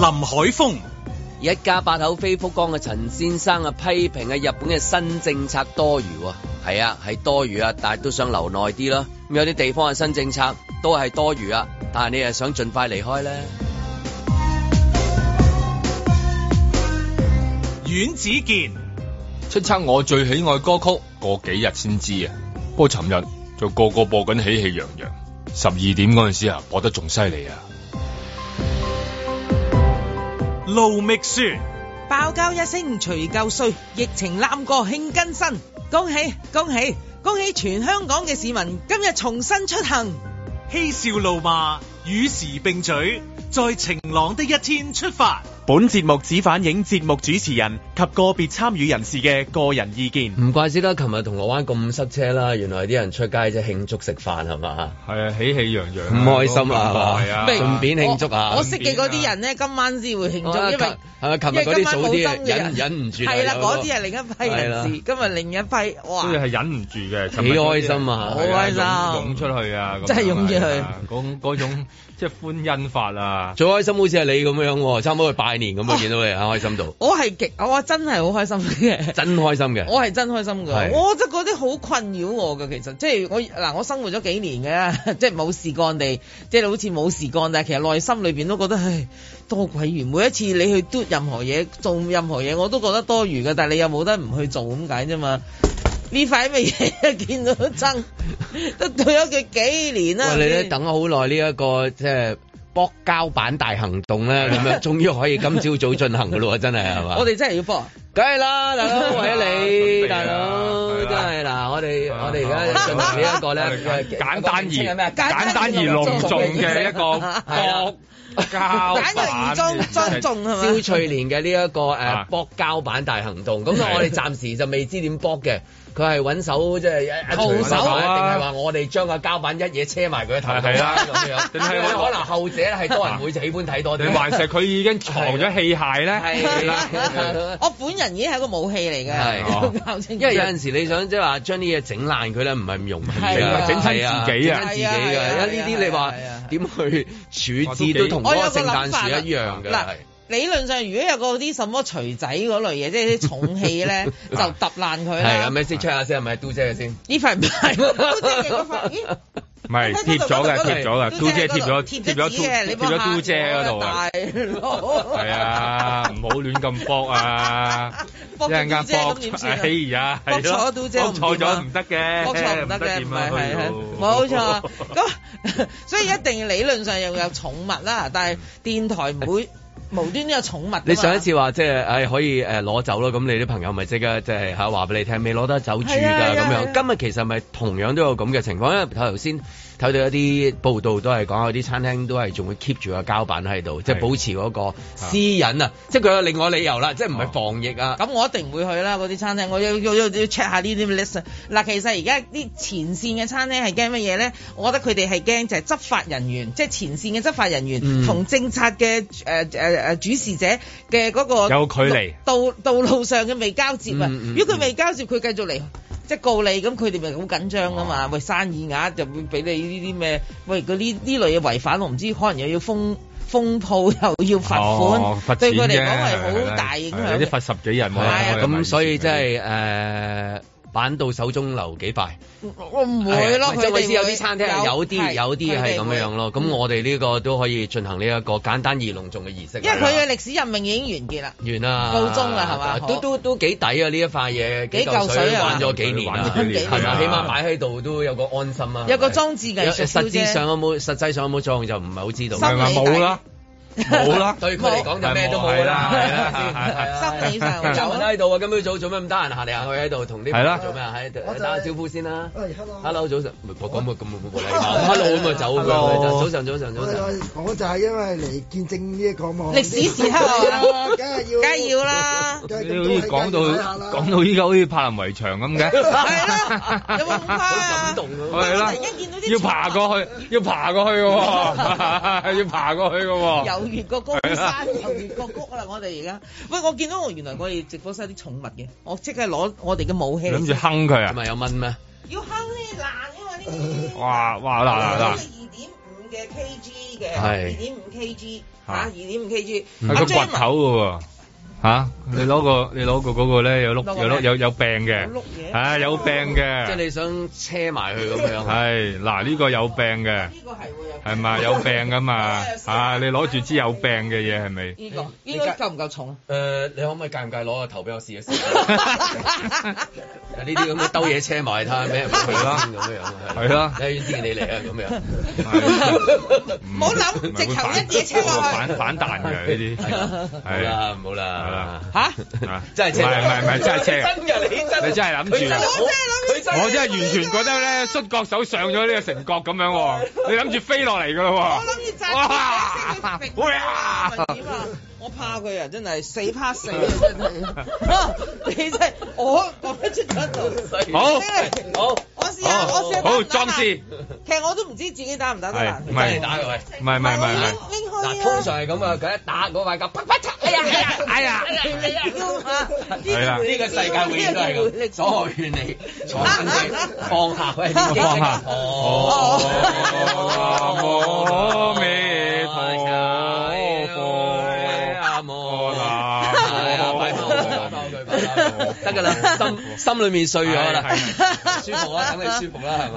林海峰，一家八口飛福岡嘅陳先生啊，批評啊日本嘅新政策多餘，係啊係多餘啊，是餘但係都想留耐啲咯。咁有啲地方嘅新政策都係多餘啊，但係你又想盡快離開咧。阮子健，出測我最喜愛歌曲，過幾日先知啊。不過尋日就個個播緊喜氣洋洋，十二點嗰陣時啊播得仲犀利啊。盧覓雪，爆交一聲除舊歲，疫情攬過慶更新，恭喜恭喜恭喜全香港嘅市民，今日重新出行，嬉笑怒罵與時並舉，在晴朗的一天出發。本節目只反映節目主持人及個別參與人士嘅個人意見。唔怪之得，琴日銅鑼灣咁塞車啦，原來啲人出街即慶祝食飯係嘛？係啊，喜氣洋洋，唔開心啊？係啊，順便慶祝啊！我識嘅嗰啲人咧，今晚先會慶祝，因為係啊，琴日啲早啲忍唔住，係啦，嗰啲係另一批人士，今日另一批哇，都係忍唔住嘅，幾開心啊！好開心，湧出去啊！即係湧出去，嗰嗰種即係歡欣法啊！最開心好似係你咁樣，差唔多去拜。年咁啊，見到你啊，開心到！我係極，我真係好開心嘅，真開心嘅，我係真開心㗎。是的 我即係嗰啲好困擾我嘅，其實即係我嗱，我生活咗幾年嘅，即係冇事幹地，即係好似冇事幹，但係其實內心裏面都覺得唉，多鬼餘。每一次你去 do 任何嘢，做任何嘢，我都覺得多餘嘅。但係你又冇得唔去做咁解啫嘛？呢塊咩嘢啊？見到都真都對咗佢幾年啦。喂，你都等咗好耐呢一個即係。搏膠板大行動咧，咁樣終於可以今朝早，早進行噶咯， 真係係嘛？我哋真係要搏，梗係啦，大佬為咗你，大佬真係嗱，我哋們、啊、我哋而家進行呢一個咧，簡單而簡單而隆重嘅一個搏。 膠板尊重係嘛？蕭翠蓮嘅呢一個誒搏膠板大行動，咁我哋暫時就未知點搏嘅，佢係揾手即係徒手啊，定係話我哋將個膠板一嘢車埋佢一頭頭係啦咁樣，可能後者係多人會喜歡睇多啲。你話其實佢已經藏咗器械咧，係我本人已經係個武器嚟嘅，係因為有陣時你想即係話將啲嘢整爛佢咧，唔係唔容易整親自己啊，自己啊，因呢啲你話。點去處置都同嗰個聖誕樹一樣嘅啦。理論上，如果有個啲什麼錘仔嗰類嘢，即係啲重器咧，就揼爛佢咧。係，有咩先吹下先，係咪嘟姐嘅先？呢塊唔係，嘟姐唔係貼咗嘅，貼咗嘅，嘟姐貼咗貼紙嘅，你冇睇到。係咯。係啊，唔好亂咁搏啊！一陣間搏，哎呀，係咯，搏錯咗唔得嘅，搏錯唔得嘅，唔係。冇錯，咁所以一定理論上又有寵物啦，但係電台唔會。無端端有寵物？你上一次話即係，唉、即係哎，可以誒攞、呃、走咯，咁你啲朋友咪即刻即係吓話俾你聽，未攞得走住㗎咁樣。啊啊、今日其實咪同樣都有咁嘅情況，因為頭頭先。睇到一啲報道都係講，有啲餐廳都係仲會 keep 住個膠板喺度，即係的保持嗰個私隱啊！即係佢有另外個理由啦，啊、即係唔係防疫啊？咁我一定會去啦，嗰啲餐廳，我要 check 下呢啲 list，啊。嗱，其實而家啲前線嘅餐廳係驚乜嘢咧？我覺得佢哋係驚就係執法人員，即、就、係、是、前線嘅執法人員同、嗯、政策嘅誒誒誒主事者嘅嗰個有距離道，道道路上嘅未交接啊！嗯嗯嗯、如果佢未交接，佢繼續嚟。即告你，咁佢哋咪好緊張㗎嘛？哦、喂，生意額就會俾你呢啲咩？喂，嗰啲呢類嘢違反，我唔知可能又要封封鋪，又要罰款，哦、對佢哋講係好大影響。有啲罰十幾人，係啊，咁那所以真係誒。以的板到手中留幾塊，我唔會咯。張偉思有啲餐廳有啲有啲係咁樣樣咯。咁我哋呢個都可以進行呢一個簡單而隆重嘅儀式。因為佢嘅歷史任命已經完結啦，完啦告終，啦，係嘛？都都都幾抵啊！呢一塊嘢幾舊水玩咗幾年啦，係嘛？起碼擺喺度都有個安心啊，有個裝置嘅。實際上有冇實際上有冇作用就唔係好知道。冇啦。冇啦，對佢嚟講就咩都冇啦，係啦，濕氣就仲喺度啊！今朝早做咩咁得閒行嚟行去喺度同啲人做咩啊？喺度打招呼先啦。喂，Hello，早上唔講冇咁冇冇禮貌。Hello，咁就走㗎啦。早上，早上，早上。我就係因為嚟見證呢一個歷史時刻啊！梗係要，梗係要啦。你好似講到講到依家好似柏林圍牆咁嘅。係啦，有冇好怕啊？係啦，要爬過去，要爬過去嘅喎，要爬過去嘅喎。越過高山，又越過谷啦！我哋而家，喂，我見到我原來我哋直播室啲寵物嘅，我即刻攞我哋嘅武器，諗住坑佢啊？唔係有蚊咩？要坑呢？爛，因為呢啲，哇哇難難難，二點五嘅 kg 嘅係，二點五 kg 吓、啊，二點五 kg，個啊個白頭嘅喎。吓！你攞個你攞個嗰個咧有碌有碌有有病嘅，唉有病嘅，即係你想車埋佢咁樣。係嗱呢個有病嘅，呢個係喎，係咪有病噶嘛？啊你攞住支有病嘅嘢係咪？呢個呢個夠唔夠重？誒，你可唔可以介唔介攞個頭俾我試一試？有呢啲咁嘅兜嘢車埋睇下？係啦，咁樣樣係啦，一於天你嚟啊咁樣，唔好諗，直頭一嘢車落去，反反彈嘅呢啲，係啦，冇啦。嚇！真係正，唔係唔係真係正。真噶你真，你真係諗住。我真係諗住。我真係完全覺得咧，摔角手上咗呢個成角咁樣，你諗住飛落嚟噶啦喎。我諗住炸佢。哇！我怕佢人真係死怕死啊！真係，你真係我講得出真。好，好，我試下，我試下打下。好，壯士。其實我都唔知自己打唔打得。係，唔係打佢，唔係唔係唔係。通常係咁啊！佢一打嗰塊膠，啪啪嚓。係啊係啊係啊！你啊都嚇，係啦，呢個世界永遠都係咁。所幸你坐低緊放下，放下。阿彌陀佛，阿彌陀佛，阿彌陀佛。得㗎啦，心心裏面碎咗啦，舒服啦，等你舒服啦，係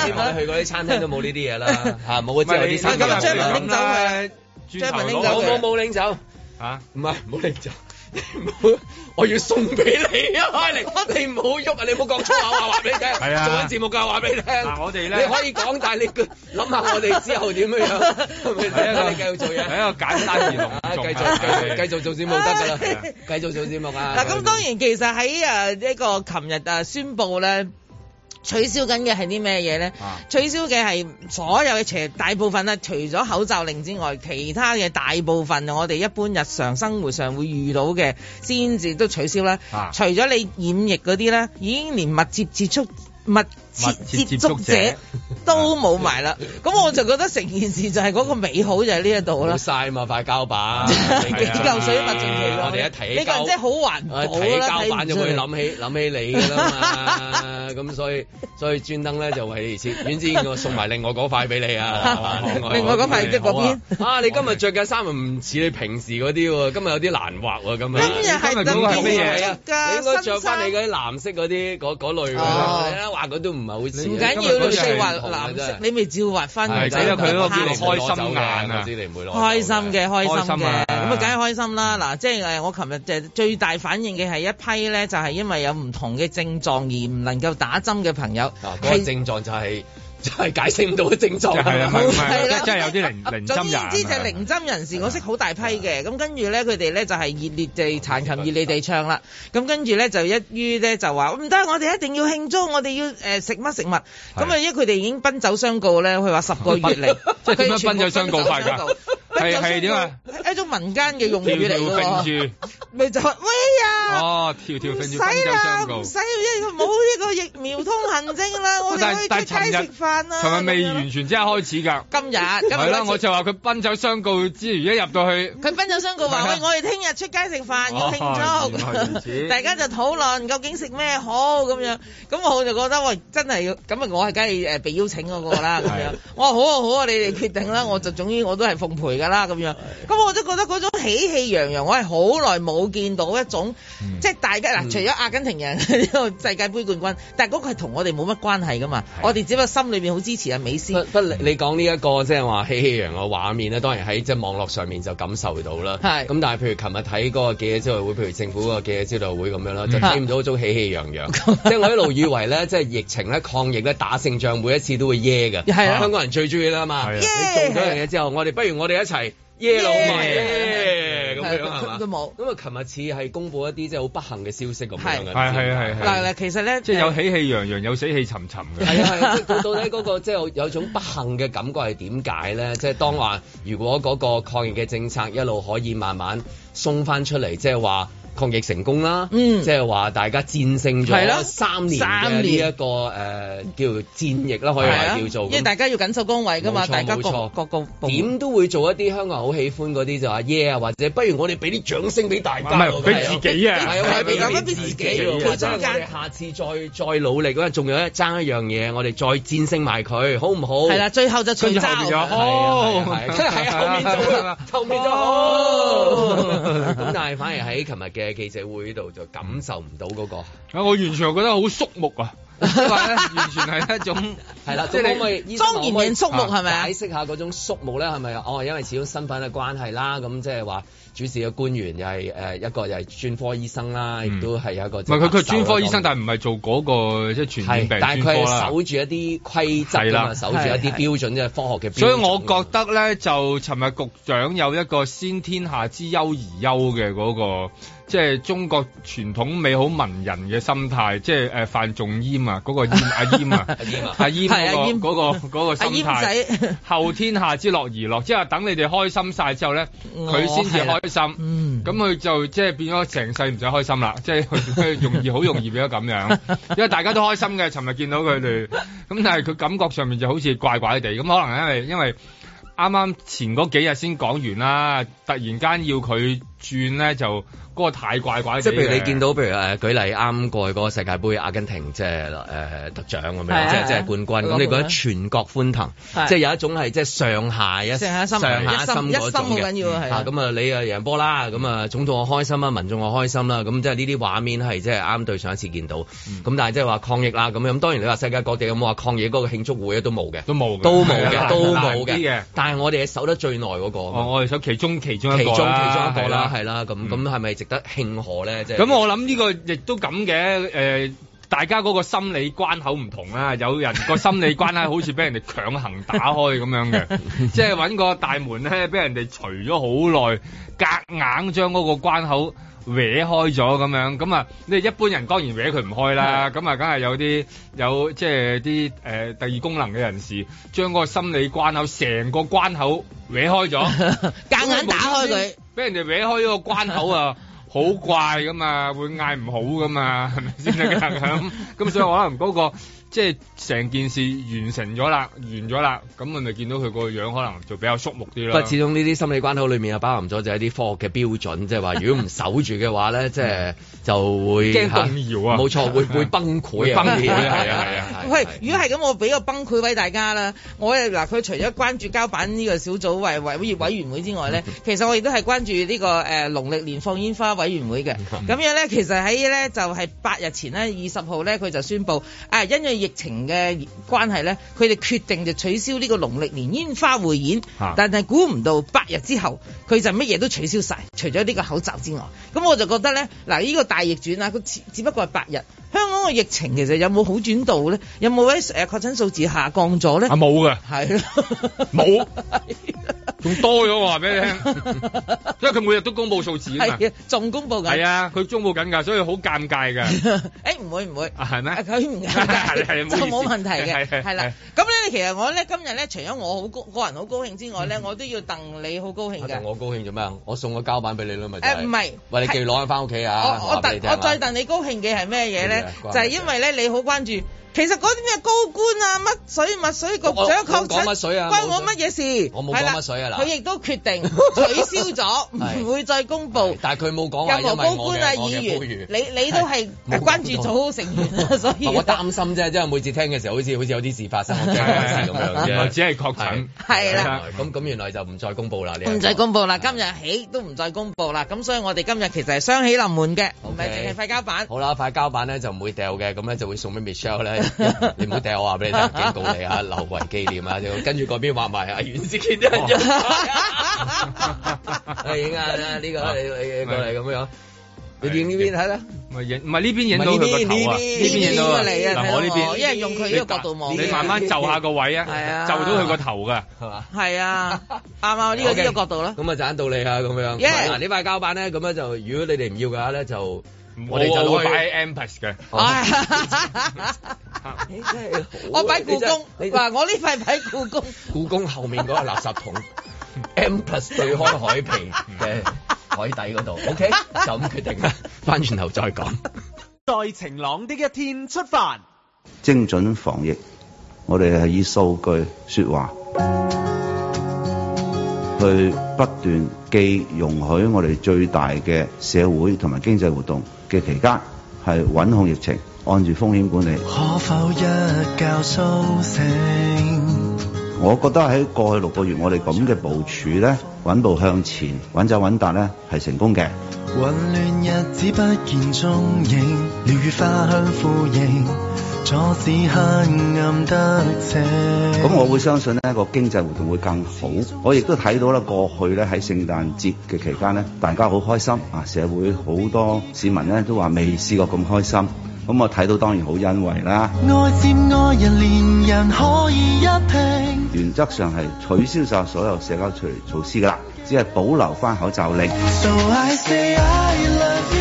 咪？希望去嗰啲餐廳都冇呢啲嘢啦，嚇冇嗰啲餐廳。今日張文拎走嘅，張文拎走，我我冇拎走。啊！唔係唔好嚟就，你唔好，我要送俾你啊！阿玲，你唔好喐啊！你唔好講粗口話話俾你聽，做緊節目嘅話俾你聽。我哋咧，你可以講，但係你諗下我哋之後點樣樣，係啊，你繼續做嘢，係一個簡單而隆重，繼續繼續繼續做節目得嘅啦，繼續做節目啊！嗱，咁當然其實喺誒呢個琴日誒宣佈咧。取消緊嘅係啲咩嘢咧？啊、取消嘅係所有嘅除大部分啦，除咗口罩令之外，其他嘅大部分我哋一般日常生活上會遇到嘅，先至都取消啦。啊、除咗你染疫嗰啲啦，已經連密切接觸密，物接接觸者都冇埋啦，咁我就覺得成件事就係嗰個美好就喺呢一度啦。冇曬嘛，塊膠板幾嚿水物證嚟㗎。我哋一睇膠，即係好環保啦。睇膠板就會諗起諗起你㗎啦嘛。咁所以所以專登咧就為之，遠之送埋另外嗰塊俾你啊。另外嗰塊即係嗰邊啊！你今日着嘅衫唔似你平時嗰啲喎，今日有啲難畫喎咁啊！今你應該着翻你嗰啲藍色嗰啲嗰嗰類畫嗰都唔～唔你像緊要，你未畫藍色，啊、你咪照畫翻。係的，因為佢嗰個叫做開心眼啊！知你會開心嘅，開心嘅，咁啊，梗係開心啦！嗱、嗯，即係誒，我琴日誒最大反應嘅係一批咧，就係因為有唔同嘅症狀而唔能夠打針嘅朋友。嗱，個症狀就係、是。真係解釋唔到嘅症狀，係啦，係啦，真係有啲零零針人，再之就零針人士，我識好大批嘅。咁跟住咧，佢哋咧就係熱烈地彈琴熱烈地唱啦。咁跟住咧就一於咧就話唔得，我哋一定要慶祝，我哋要誒食乜食物。咁啊，因為佢哋已經奔走相告咧，佢話十個月嚟，即係點樣奔走相告快㗎？係係點啊？一種民間嘅用語嚟嘅喎。咪就喂呀！哦，跳跳冰柱。唔使啦，唔使一冇呢個疫苗通行證啦，我哋可以出街食飯啦。但係未完全即刻開始㗎。今日係咯，我就話佢奔走相告之餘，一入到去，佢奔走相告話：喂，我哋聽日出街食飯要慶祝。大家就討論究竟食咩好咁樣。咁我就覺得喂，真係要咁啊！我係梗係誒被邀請嗰個啦咁樣。我話好啊好啊，你哋決定啦，我就總之我都係奉陪㗎。啦咁樣，咁我都覺得嗰種喜氣洋洋，我係好耐冇見到一種，即係大家嗱，除咗阿根廷人呢個世界盃冠軍，但係嗰個係同我哋冇乜關係噶嘛，我哋只不過心裏面好支持啊美斯。不你講呢一個即係話喜氣洋洋嘅畫面呢，當然喺即係網絡上面就感受到啦。咁但係譬如琴日睇個記者招待會，譬如政府個記者招待會咁樣啦，就聽唔到一種喜氣洋洋。即係我一路以為咧，即係疫情咧、抗疫咧、打勝仗，每一次都會耶嘅，香港人最中意啦嘛。你做咗樣嘢之後，我哋不如我哋一齊。係耶！咁樣係嘛都冇咁啊！琴日似係公佈一啲即係好不幸嘅消息咁樣嘅，係係係係。嗱嗱，其實咧即係有喜氣洋洋，有死氣沉沉嘅。係啊係啊，即到底嗰個即係有有種不幸嘅感覺係點解咧？即係當話如果嗰個抗疫嘅政策一路可以慢慢鬆翻出嚟，即係話。抗疫成功啦，嗯，即係話大家戰勝咗係啦，三年三呢一個誒叫戰役啦，可以話叫做，因為大家要緊守崗位噶嘛，大家各個點都會做一啲香港人好喜歡嗰啲就話耶啊，或者不如我哋俾啲掌聲俾大家，唔係俾自己啊，係啊，俾自己，俾自己，咁我哋下次再再努力嗰陣，仲有一爭一樣嘢，我哋再戰勝埋佢，好唔好？係啦，最後就出爭，好，係啊，後面就，後面就好。咁但係反而喺琴日嘅記者會呢度就感受唔到嗰個，啊、嗯！我完全覺得好肅穆啊， 完全係一種係啦， 即係你莊嚴嚴肅係咪？能能解釋下嗰種肅穆咧，係咪、啊、哦？因為始終身份嘅關係啦，咁即係話主持嘅官員又係誒一個又係專科醫生啦，亦都係一個唔係佢佢專科醫生，這樣 但係唔係做嗰、那個即係傳染病專科,但係佢守住一啲規則，對對對守住一啲標準嘅科學嘅標準。所以我覺得咧，就尋日局長有一個先天下之憂而憂嘅嗰個。即係中國傳統美好文人嘅心態，即係誒范仲淹啊，嗰個淹阿淹啊，阿淹嗰個嗰個心態，後天下之樂而樂，即係等你哋開心晒之後咧，佢先至開心，咁佢就即係變咗成世唔使開心啦，即係佢容易好容易變咗咁樣，因為大家都開心嘅，尋日見到佢哋，咁但係佢感覺上面就好似怪怪哋。咁可能因為因為啱啱前嗰幾日先講完啦，突然間要佢轉咧就。嗰個太怪怪即係譬如你見到，譬如誒舉例啱啱過去嗰個世界盃阿根廷，即係誒得獎咁樣，即係即係冠軍。咁你覺得全國歡騰，即係有一種係即係上下一心、上下一心嗰種嘅。咁啊，你啊贏波啦，咁啊，總統我開心啦，民眾我開心啦，咁即係呢啲畫面係即係啱啱對上一次見到。咁但係即係話抗疫啦，咁咁當然你話世界各地咁冇話抗疫嗰個慶祝會都冇嘅，都冇，都冇嘅，都冇嘅。但係我哋係守得最耐嗰個。我哋守其中其中一個啦，係啦，係啦，咁咁係咪得慶賀咧，即係咁。我諗呢個亦都咁嘅，誒，大家嗰個心理關口唔同啦。有人個心理關口好似俾人哋強行打開咁樣嘅，即係搵個大門咧，俾人哋除咗好耐，夾硬將嗰個關口搲開咗咁樣。咁啊，你一般人當然搲佢唔開啦。咁啊，梗係有啲有即係啲誒第二功能嘅人士，將嗰個心理關口成個關口搲開咗，夾硬打開佢，俾人哋搲開嗰個關口啊！好怪噶嘛，會嗌唔好噶嘛，係咪先得噶咁？咁所以我可能嗰個。即係成件事完成咗啦，完咗啦，咁我咪見到佢個樣可能就比較肅穆啲咯。不過始終呢啲心理關口裏面啊，包含咗就係啲科學嘅標準，即係話如果唔守住嘅話咧，即係就會驚、啊、 動搖啊！冇 錯，會唔會崩潰？會會崩潰 啊！係係喂，啊啊啊啊啊、如果係咁，我俾個崩潰位大家啦！我嗱，佢、啊、除咗關注膠板呢個小組委委業委員會之外咧，其實我亦都係關注呢個誒農曆年放煙花委員會嘅。咁樣咧，其實喺咧就係、是、八日前呢，二十號咧佢就宣布啊，因疫情嘅關係咧，佢哋決定就取消呢個農曆年煙花匯演，但係估唔到八日之後，佢就乜嘢都取消晒，除咗呢個口罩之外，咁我就覺得咧，嗱、這、呢個大逆轉啊，佢只不過係八日，香港嘅疫情其實有冇好轉到咧？有冇啲確診數字下降咗咧？啊冇嘅，係咯，冇，仲多咗我話俾你聽，因為佢每日都公佈數字啊，仲公佈緊，係啊，佢公佈緊噶，所以好尷尬噶。誒唔會唔會？係咩？佢唔尷尬、啊 就冇問題嘅，係啦。咁咧，其實我咧今日咧，除咗我好高個人好高興之外咧，我都要戥你好高興嘅。我高興做咩啊？我送個膠板俾你咯。咪。誒，唔係。喂，你記住攞翻屋企啊！我我我再戥你高興嘅係咩嘢咧？就係因為咧，你好關注。其實嗰啲咩高官啊，乜水乜水局長確診乜水啊，關我乜嘢事？我冇講乜水啊嗱，佢亦都決定取消咗，唔會再公布。但係佢冇講，任何高官啊、議員，你你都係關注組成員，所以我擔心啫。即係每次聽嘅時候，好似好似有啲事發生咁樣啫。只係確診。係啦，咁咁原來就唔再公布啦。唔再公布啦，今日起都唔再公布啦。咁所以我哋今日其實係雙喜臨門嘅，唔係淨係塊膠板。好啦，塊膠板咧就唔會掉嘅，咁咧就會送俾 Michelle 咧。你唔好掟我話俾你聽，警告你啊，留為紀念啊，跟住嗰邊畫埋啊袁世見一張。係啊，呢個你你過嚟咁樣，影呢邊睇啦。唔係影唔係呢邊影到佢個頭啊？呢邊影到啊！嗱，我呢邊，因為用佢呢個角度，望你慢慢就下個位啊。係啊，就到佢個頭噶，係嘛？係啊，啱啱呢個呢個角度啦。咁啊，賺到你啊，咁樣。耶！嗱，呢塊膠板咧，咁樣就，如果你哋唔要嘅話咧，就。我哋就攞擺喺 M+ 嘅，我擺故宮，我呢塊擺故宮，故宮後面嗰個垃圾桶，M+ 對開海皮嘅海底嗰度，OK，就咁決定啦，翻轉頭再講。在晴朗的一天出發，精準防疫，我哋係以數據說話，去不斷既容許我哋最大嘅社會同埋經濟活動。嘅期間係穩控疫情，按住風險管理。可否一覺甦醒？我覺得喺過去六個月，我哋咁嘅部署咧，穩步向前，穩走穩達咧，係成功嘅。混亂日子不見蹤影，鳥語花香呼應。咁我會相信呢個經濟活動會更好，我亦都睇到啦，過去咧喺聖誕節嘅期間呢，大家好開心啊，社會好多市民呢都話未試過咁開心，咁我睇到當然好欣慰啦。原則上係取消晒所有社交距離措施噶啦，只係保留翻口罩令。So I say I love you.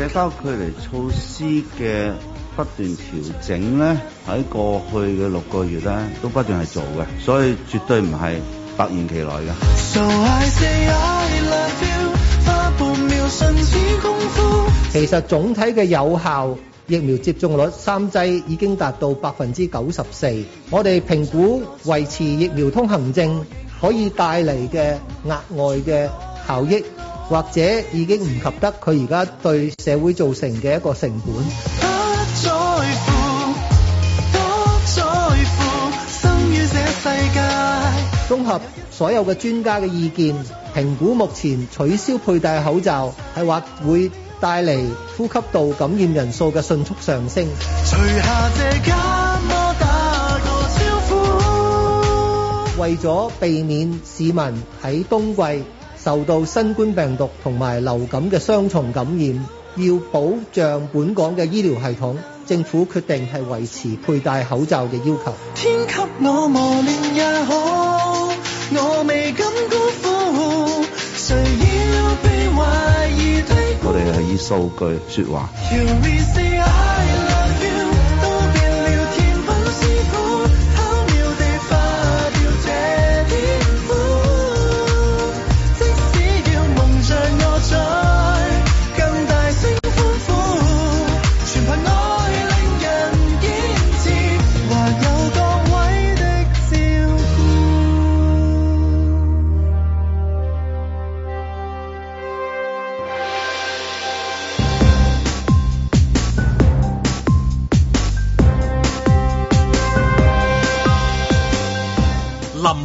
社交距離措施嘅不斷調整咧，喺過去嘅六個月咧，都不斷係做嘅，所以絕對唔係突然其來嘅。其實總體嘅有效疫苗接種率三劑已經達到百分之九十四，我哋評估維持疫苗通行證可以帶嚟嘅額外嘅效益。或者已經唔及得佢而家對社會造成嘅一個成本。綜合所有嘅專家嘅意見，評估目前取消佩戴口罩係話會帶嚟呼吸道感染人數嘅迅速上升。為咗避免市民喺冬季，受到新冠病毒同埋流感嘅雙重感染，要保障本港嘅醫療系統，政府決定係維持佩戴口罩嘅要求。天給我磨練也好，我未敢辜負，誰要被懷疑，我哋係以數據說話。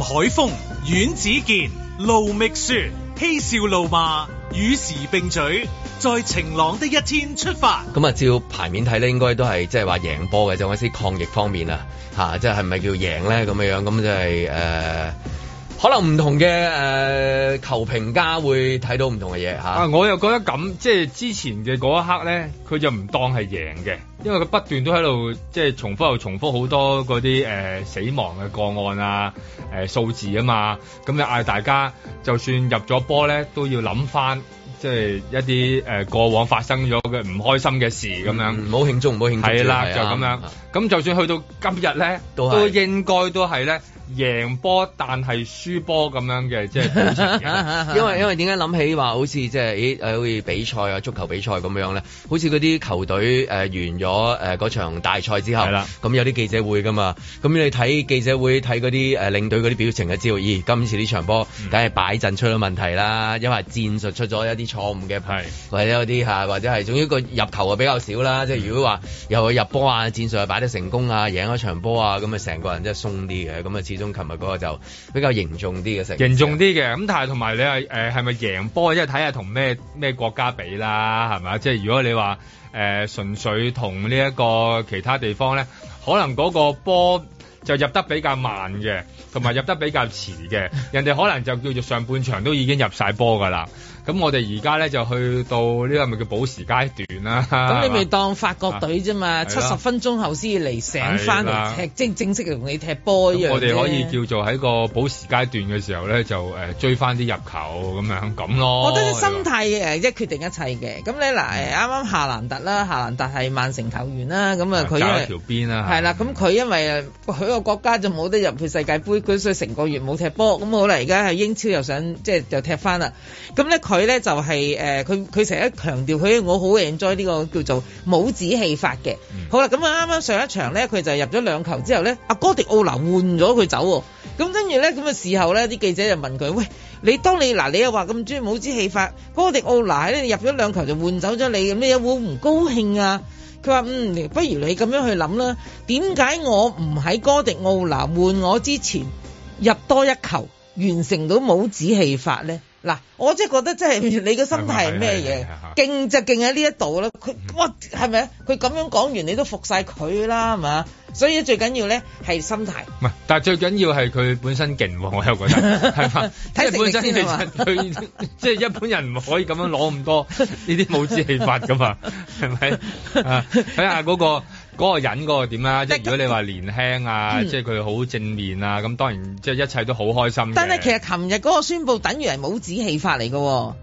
海風、阮子健、盧覓雪、嬉笑怒罵、與時並舉、在晴朗的一天出發。咁啊，照牌面睇咧，應該都係即係話贏波嘅。就一啲抗疫方面啊，吓即係係咪叫贏咧？咁樣樣咁就係、是、誒。呃可能唔同嘅誒、呃、球評家會睇到唔同嘅嘢啊，啊，我又覺得咁，即係之前嘅嗰一刻咧，佢就唔當係贏嘅，因為佢不斷都喺度即係重複又重複好多嗰啲誒死亡嘅個案啊、誒、呃、數字啊嘛。咁就嗌大家，就算入咗波咧，都要諗翻即係一啲誒、呃、過往發生咗嘅唔開心嘅事咁樣。唔好、嗯、慶祝，唔好慶祝。係啦，就咁樣。咁就算去到今日咧，都係都應該都係咧。贏波但係輸波咁樣嘅，即係 因為因為點解諗起話好似即係咦誒，好似比賽啊，足球比賽咁樣咧？好似嗰啲球隊誒、呃、完咗誒嗰場大賽之後，係啦的，咁、嗯、有啲記者會噶嘛？咁你睇記者會睇嗰啲誒領隊嗰啲表情就知道，咦，今次呢場波梗係擺陣出咗問題啦，嗯、因為戰術出咗一啲錯誤嘅，係是或者有啲吓、啊、或者係，總之個入球啊比較少啦。即係如果話、嗯、又入波啊，戰術擺擺得成功啊，贏咗場波啊，咁啊成個人真係鬆啲嘅，咁啊其中，琴日嗰個就比較嚴重啲嘅，成件事嚴重啲嘅。咁但係同埋你係係咪贏波，即係睇下同咩咩國家比啦，係咪？即係如果你話誒、呃、純粹同呢一個其他地方咧，可能嗰個波就入得比較慢嘅，同埋入得比較遲嘅，人哋可能就叫做上半場都已經入晒波㗎啦。咁我哋而家咧就去到呢個係咪叫補時階段啦？咁你未當法國隊啫嘛？七十吧分鐘後先嚟醒翻嚟踢即吧正式同你踢波一樣。我哋可以叫做喺個補時階段嘅時候咧，就追翻啲入球咁樣咁咯。我覺得啲心態誒即吧決定一切嘅。咁你嗱啱啱夏蘭特啦，夏蘭特係曼城球員啦，咁啊佢因為條邊啦，係啦，咁佢因為佢個國家就冇得入去世界盃，佢所以成個月冇踢波。咁好啦，而家喺英超又想即係又踢翻啦。咁咧佢。佢咧就係、是、誒，佢佢成日強調佢，我好 enjoy 呢個叫做帽子戲法嘅。嗯、好啦，咁啊，啱啱上一場咧，佢就入咗兩球之後咧，阿哥迪奧拿換咗佢走、哦，咁跟住咧咁嘅時候咧，啲記者就問佢：，喂，你當你嗱，你又話咁中意帽子戲法，哥迪奧拿咧入咗兩球就換走咗你，咁你有冇唔高興啊？佢話：嗯，不如你咁樣去諗啦，點解我唔喺哥迪奧拿換我之前入多一球，完成到帽子戲法咧？嗱， 我真係覺得即係你嘅心態係咩嘢？勁就勁喺呢一度啦。佢哇，係咪啊？佢咁樣講完，你都服晒佢啦，係嘛？所以最緊要咧係心態。唔係，但最緊要係佢本身勁，我又覺得係嘛？睇下本身其實。佢即係一般人唔可以咁樣攞咁多呢啲冇知氣法噶嘛？係咪啊？睇下嗰個。嗰個人嗰個點啊？是如果你話年輕啊，嗯、即係佢好正面啊，咁當然即係一切都好開心，但係其實琴日嗰個宣布等於係冇止氣法嚟嘅、哦。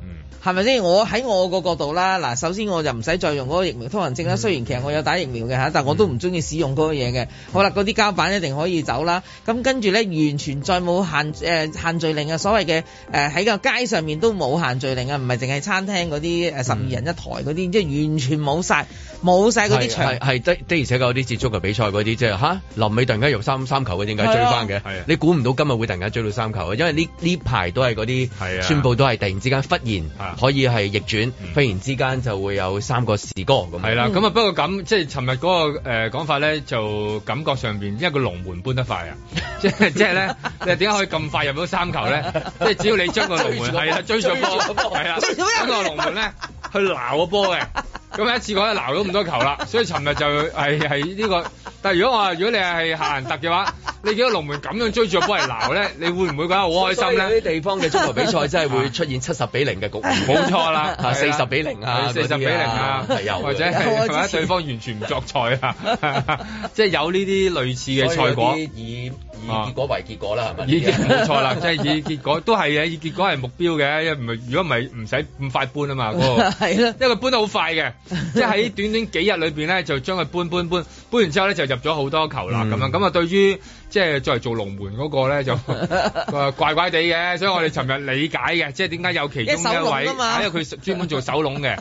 係咪先？我喺我個角度啦，嗱，首先我就唔使再用嗰個疫苗通行證啦。雖然其實我有打疫苗嘅吓，但我都唔中意使用嗰個嘢嘅。好啦，嗰啲膠板一定可以走啦。咁跟住咧，完全再冇限、誒限聚令啊！所謂嘅誒喺個街上面都冇限聚令啊，唔係淨係餐廳嗰啲誒十二人一台嗰啲，嗯，即係完全冇晒冇晒嗰啲場。係的而且確有啲接觸嘅比賽嗰啲，即係吓臨尾突然間用三三球，佢點解追翻嘅？啊，你估唔到今日會突然間追到三球啊？因為呢呢排都係嗰啲，係啊，全部都係突然之間忽然。可以係逆轉，忽然之間就會有三個時歌咁。係啦，咁啊不過咁即係尋日嗰個誒、呃、講法咧，就感覺上因為個龍門搬得快啊！ 即係即係咧，你點解可以咁快入到三球咧？ 即係只要你將個龍門係啊追上波，係啊將個龍門咧去撈個波嘅。咁一次過都撈咁多球啦，所以尋日就係係呢個。但係如果我如果你係夏仁特嘅話，你見到龍門咁樣追住波嚟撈咧，你會唔會覺得好開心咧？啲地方嘅足球比賽真係會出現七十比零嘅局，冇 錯啦，四十比零啊，四十比零啊，又、啊啊、或者係係咪對方完全唔作賽啊，即 係有呢啲類似嘅賽果。以以，以結果為結果啦，係咪、啊？已經冇錯啦，即、就、係、是、以結果都係嘅，以結果係目標嘅，唔如果唔係唔使咁快搬啊嘛，嗰、那個係的因為搬得好快嘅。 即喺短短幾日裏邊咧，就將佢搬搬搬，搬完之後咧就入咗好多球啦，咁、嗯、樣咁啊！對於即係作為做龍門嗰個咧，就 怪怪地嘅，所以我哋尋日理解嘅， 即係點解有其中一位，因為佢專門做手籠嘅，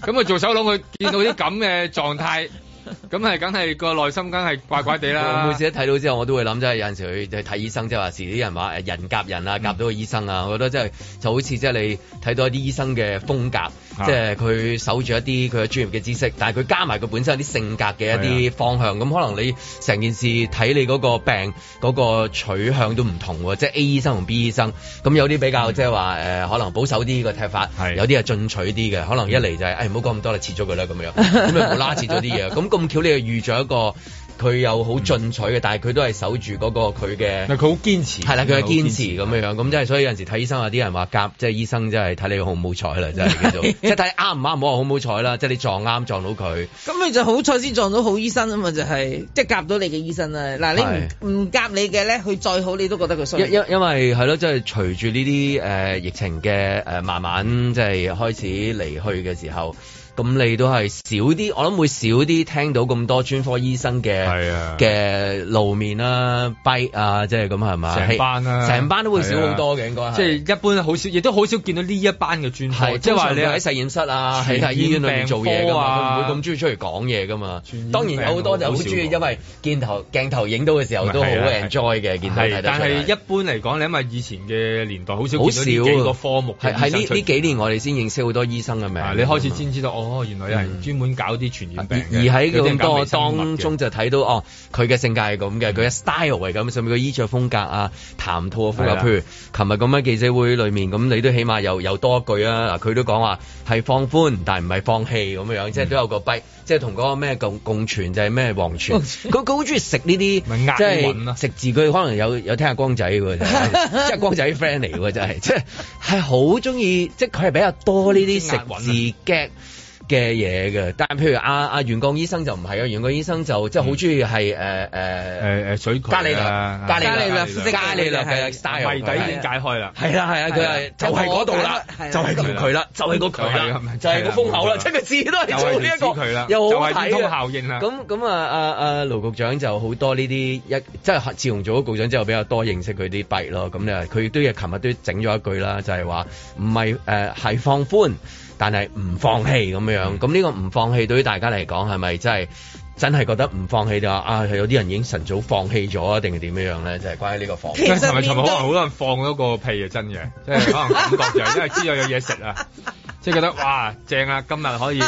咁佢 做手籠，佢見到啲咁嘅狀態。 咁係，梗係個內心梗係怪怪地啦。每次一睇到之後，我都會諗，即係有陣時候去睇醫生，即係話時啲人話人夾人啊，夾到個醫生啊。我覺得即係就好似即係你睇到一啲醫生嘅風格，啊、即係佢守住一啲佢嘅專業嘅知識，但係佢加埋佢本身有啲性格嘅一啲方向。咁、啊、可能你成件事睇你嗰個病嗰、嗰個取向都唔同喎。即係 A 醫生同 B 醫生，咁有啲比較、嗯、即係話、呃、可能保守啲個睇法，是有啲係進取啲嘅。可能一嚟就係唔好講咁多，你切咗佢啦咁樣，咁咪無啦啦切咗啲嘢。咁咁巧 你又遇咗一個佢又好進取嘅，但係佢都係守住嗰個佢嘅。佢好堅持。係啦，佢係堅持咁樣樣，咁即係所以有陣時睇醫生有啲人話夾，即係醫生真係睇你好唔好彩啦，真係。即係睇啱唔啱，唔好話，好唔好彩啦。即係你撞啱撞到佢，咁你就好彩先撞到好醫生啊嘛，就係即係夾到你嘅醫生啊。嗱，你唔唔夾你嘅咧，佢再好你都覺得佢衰。因因為係咯，即係隨住呢啲誒疫情嘅慢慢即係開始離去嘅時候。咁你都係少啲，我諗會少啲聽到咁多專科醫生嘅嘅露面啦，跛啊，即係咁係嘛？成班啊，成班都會少好多嘅，應該即係一般好少，亦都好少見到呢一班嘅專科，即係話你喺實驗室啊，喺醫院裏面做嘢噶嘛，唔會咁中意出嚟講嘢噶嘛。當然好多就好中意，因為鏡頭鏡頭影到嘅時候都好 enjoy 嘅。但係一般嚟講，你諗下以前嘅年代，好少好少個科目。係呢呢幾年我哋先認識好多醫生嘅名。你開始先知道我哦，原來係專門搞啲傳染病而喺咁多當中就睇到哦，佢嘅性格係咁嘅，佢嘅 style 係咁，甚至個衣着風格啊、談吐風格。譬如琴日咁樣記者會裏面，咁你都起碼又又多一句啊！佢都講話係放寬但唔係放棄咁樣樣，即係都有個逼，即係同嗰個咩共共存就係咩黃泉。佢佢好中意食呢啲，即係食字句，可能有有聽下光仔喎，即係光仔 friend 嚟嘅喎，真係即係係好中意，即係佢係比較多呢啲食字 g 嘅嘢嘅，但譬如阿阿袁綱醫生就唔係啊，袁綱醫生就即係好中意係誒誒誒誒水隔啊，隔籬隔籬隔籬底已經解開啦，係啊，係啊，佢係就係嗰度啦，就係條渠啦，就係佢渠啦，就係個風口啦，佢自字都係做呢一個，又好睇，咁咁啊阿阿盧局長就好多呢啲一即係自從做咗局長之後比較多認識佢啲幣咯，咁咧佢都嘅琴日都整咗一句啦，就係話唔係誒係放寬。但係唔放棄咁樣，咁呢、嗯、個唔放棄對於大家嚟講係咪真係真係覺得唔放棄就啊？有啲人已經晨早放棄咗啊，定係點樣咧？就係、是、關於呢個放棄，尋日尋日可能好多人放咗個屁啊！真嘅，即係可能感覺就係、 因為知道有有嘢食啊，即係覺得哇正啊，今日可以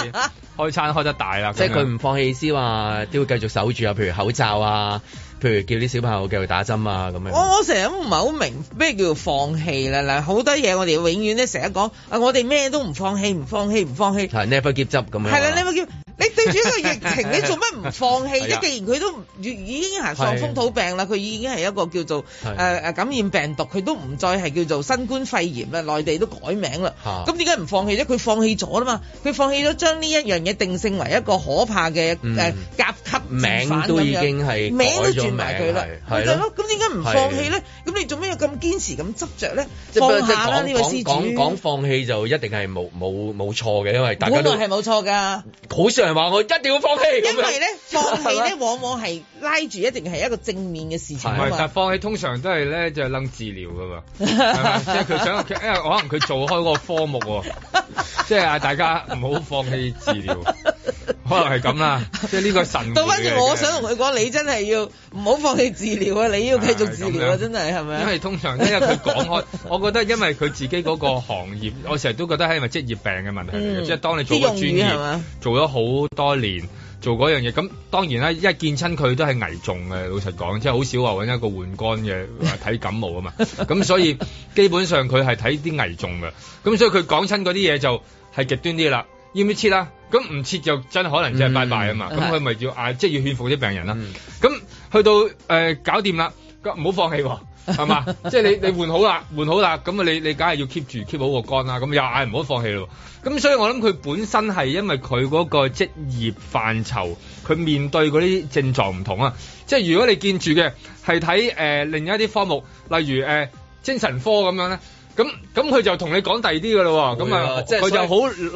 開餐開得大啦！即係佢唔放棄，意思話都會繼續守住啊，譬如口罩啊。譬如叫啲小朋友繼續打針啊咁樣我。我我成日都唔係好明咩叫放棄啦，嗱好多嘢我哋永遠咧成日講啊，我哋咩都唔放棄，唔放棄，唔放棄。係、yeah, never give up 咁樣 yeah，係啦，never give。你對住個疫情，你做乜唔放棄？即係既然佢都已已經行上風土病啦，佢已經係一個叫做誒誒感染病毒，佢都唔再係叫做新冠肺炎啦，內地都改名啦。咁點解唔放棄啫？佢放棄咗啦嘛，佢放棄咗將呢一樣嘢定性為一個可怕嘅誒甲級名都已經係名都轉埋佢啦。係咯，咁點解唔放棄咧？咁你做咩要咁堅持咁執著咧？放下啦！呢位師傅講講放棄就一定係冇冇冇錯嘅，因為大家都本來係冇錯㗎。好想。人話我一定要放棄，因為咧 放棄咧往往係拉住，一定係一個正面嘅事情。唔係， 但放棄通常都係咧就掕、係、治療噶嘛， 係嘛？即係佢想， 因為可能佢做開嗰個科目、啊， 即係啊大家唔好放棄治療。 可能係咁啦，即係呢個神嘅到跟住我想同佢講，你真係要唔好放棄治療啊！你要繼續治療啊！係真係係咪？因為通常因為佢講開， 我覺得因為佢自己嗰個行業， 我成日都覺得係因為職業病嘅問題嚟嘅，嗯、即係當你做個專業，做咗好多年做嗰樣嘢，咁當然啦，因為見親佢都係危重嘅。老實講，即係好少話揾一個換肝嘅睇感冒啊嘛。咁 所以基本上佢係睇啲危重嘅，咁所以佢講親嗰啲嘢就係極端啲啦。要唔要切啊？咁唔切就真係可能真係拜拜啊嘛！咁佢咪要嗌，即係要勸服啲病人啦。咁去到誒搞掂啦，唔好放棄喎，係嘛？即係你你換好啦，換好啦，咁啊你你梗係要 keep 住 keep 好個肝啦。咁又嗌唔好放棄咯。咁所以我諗佢本身係因為佢嗰個職業範疇，佢面對嗰啲症狀唔同啊。即係如果你見住嘅係睇誒另一啲科目，例如誒、呃、精神科咁樣咧。咁咁佢就同你講第二啲噶咯，咁啊，即係佢就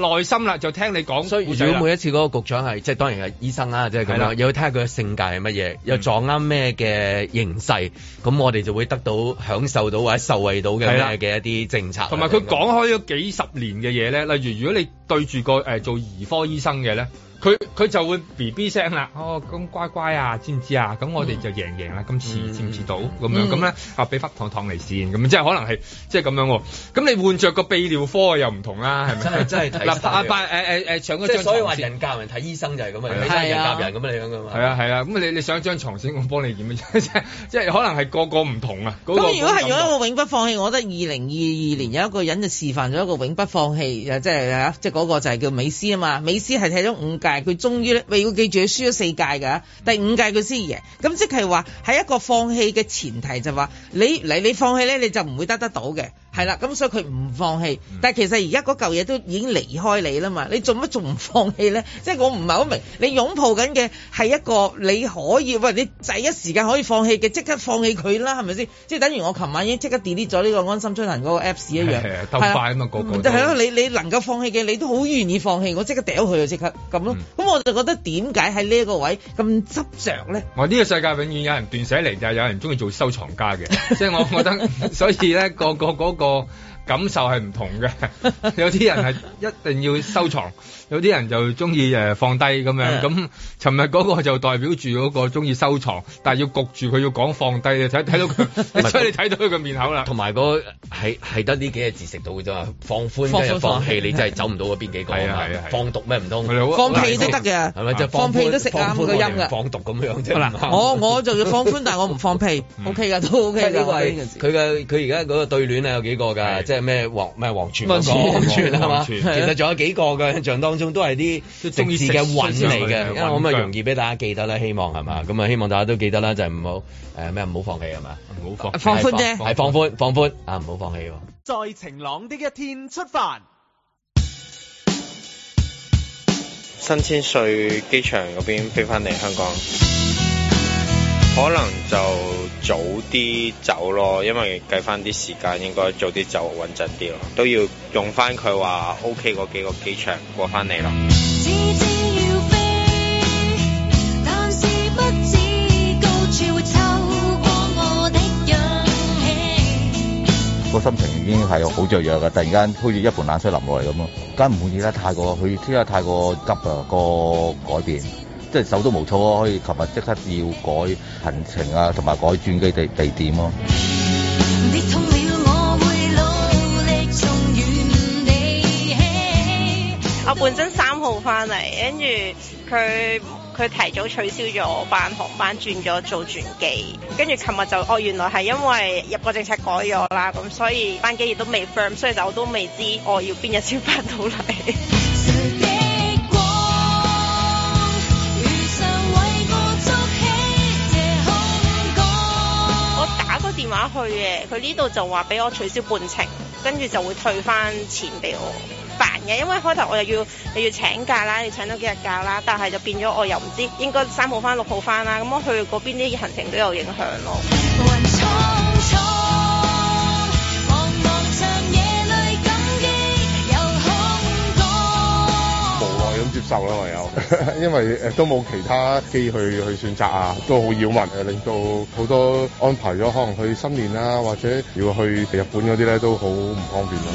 好耐心啦，以就聽你講。所以如果每一次嗰個局長係，即、就、係、是、當然係醫生啦、啊，即係咁。啦嗎，又要睇下佢嘅性格係乜嘢，又撞啱咩嘅形勢，咁、嗯、我哋就會得到享受到或者受惠到嘅咩嘅一啲政策。同埋佢講開咗幾十年嘅嘢咧，嗯、例如如果你對住個誒、呃、做兒科醫生嘅咧。佢佢就會 B B 聲啦，哦咁乖乖啊，知唔知啊？咁我哋就贏贏啦，今、嗯、次知唔知到咁、嗯、樣咁咧？啊，俾返糖糖嚟試，咁、啊、即係可能係即係咁樣喎。咁你換着個泌尿科又唔同啦，係咪？真係真係睇。嗱阿伯上嗰張，所以話人教人睇醫生就係咁啊，人咁啊，你樣係啊係啊，咁、啊嗯、你你上張床先，我幫你點樣。即係即係可能係個個唔同啊。咁、那個、如果係用一個永不放棄，我覺得二零二二年有一個人就示範咗一個永不放棄，即係即係嗰個就係叫美斯啊嘛。美斯係踢咗五但佢終於咧，咪要記住佢輸咗四屆噶，第五屆佢先贏，咁即係話係一個放棄嘅前提就話你嚟你放棄咧，你就唔會得得到嘅，係啦，咁所以佢唔放棄。嗯、但其實而家嗰嚿嘢都已經離開你啦嘛，你做乜仲唔放棄咧？即係我唔係好明，你擁抱緊嘅係一個你可以喂、哎、你第一時間可以放棄嘅，即刻放棄佢啦，係咪先？即等於我琴晚已經即刻 delete 咗呢個安心出行嗰個 Apps 一樣，快啊嘛，就係咯，你你能夠放棄嘅，你都好願意放棄，我即刻掉佢即刻咁咯。咁我就覺得點解喺呢一個位咁執着咧？我呢個世界永遠有人斷捨離就係有人中意做收藏家嘅， 即係我覺得，所以咧個個嗰個。個個感受係唔同嘅，有啲人係一定要收藏，有啲人就中意誒放低咁樣。咁尋日嗰個就代表住嗰個中意收藏，但係要焗住佢要講放低睇睇到佢，所以你睇到佢個面口啦。同埋嗰係得呢幾個字食到嘅啫，放寬即放棄，你真係走唔到嗰邊幾個。放毒咩唔通？放屁都得嘅，係咪放屁都食啊個音㗎？放毒咁樣即，我我就要放寬，但係我唔放屁，OK 㗎都 OK 嘅。因為佢嘅佢而家嗰個對聯係有幾個㗎，咩黃咩黃泉講黃泉係嘛？其實仲有幾個嘅，印象當中都係啲政治嘅韻嚟嘅，咁咪容易俾大家記得啦。希望係嘛？咁啊，嗯、希望大家都記得啦，就係唔好誒咩唔好放棄係嘛？唔好放放寬啫，係放寬放寬啊！唔好放棄喎。在晴朗啲嘅天出發，新千歲機場嗰邊飛翻嚟香港。可能就早啲走咯，因為計翻啲時間應該早啲走穩陣啲咯，都要用翻佢話 OK 嗰幾個機場過翻嚟啦。個心情已經係好雀躍噶，突然間好似一盆冷水淋落嚟咁咯，梗唔滿意啦，太過，佢真係太過急啊，個改變。即係手都冇錯咯，可以琴日即刻要改行程啊，同埋改轉機地地點咯，啊。我本身三號翻嚟，跟住佢佢提早取消咗班航班，轉咗做轉機，跟住琴日就哦，原來係因為入國政策改咗啦，咁所以班機亦都未 firm，所以就我都未知我要邊日先翻到嚟。 電話去嘅，佢呢度就話俾我取消半程，跟住就會退翻錢俾我，煩嘅，因為開頭我又要又要請假啦，要請多幾日假啦，但係就變咗我又唔知應該三號翻，六號翻啦，咁我去嗰邊啲行程都有影響咯。 啦，唯有，因為誒都冇其他機去去選擇啊，都好擾民啊，令到好多安排咗可能去新年啦，或者要去日本嗰啲咧，都好唔方便啊。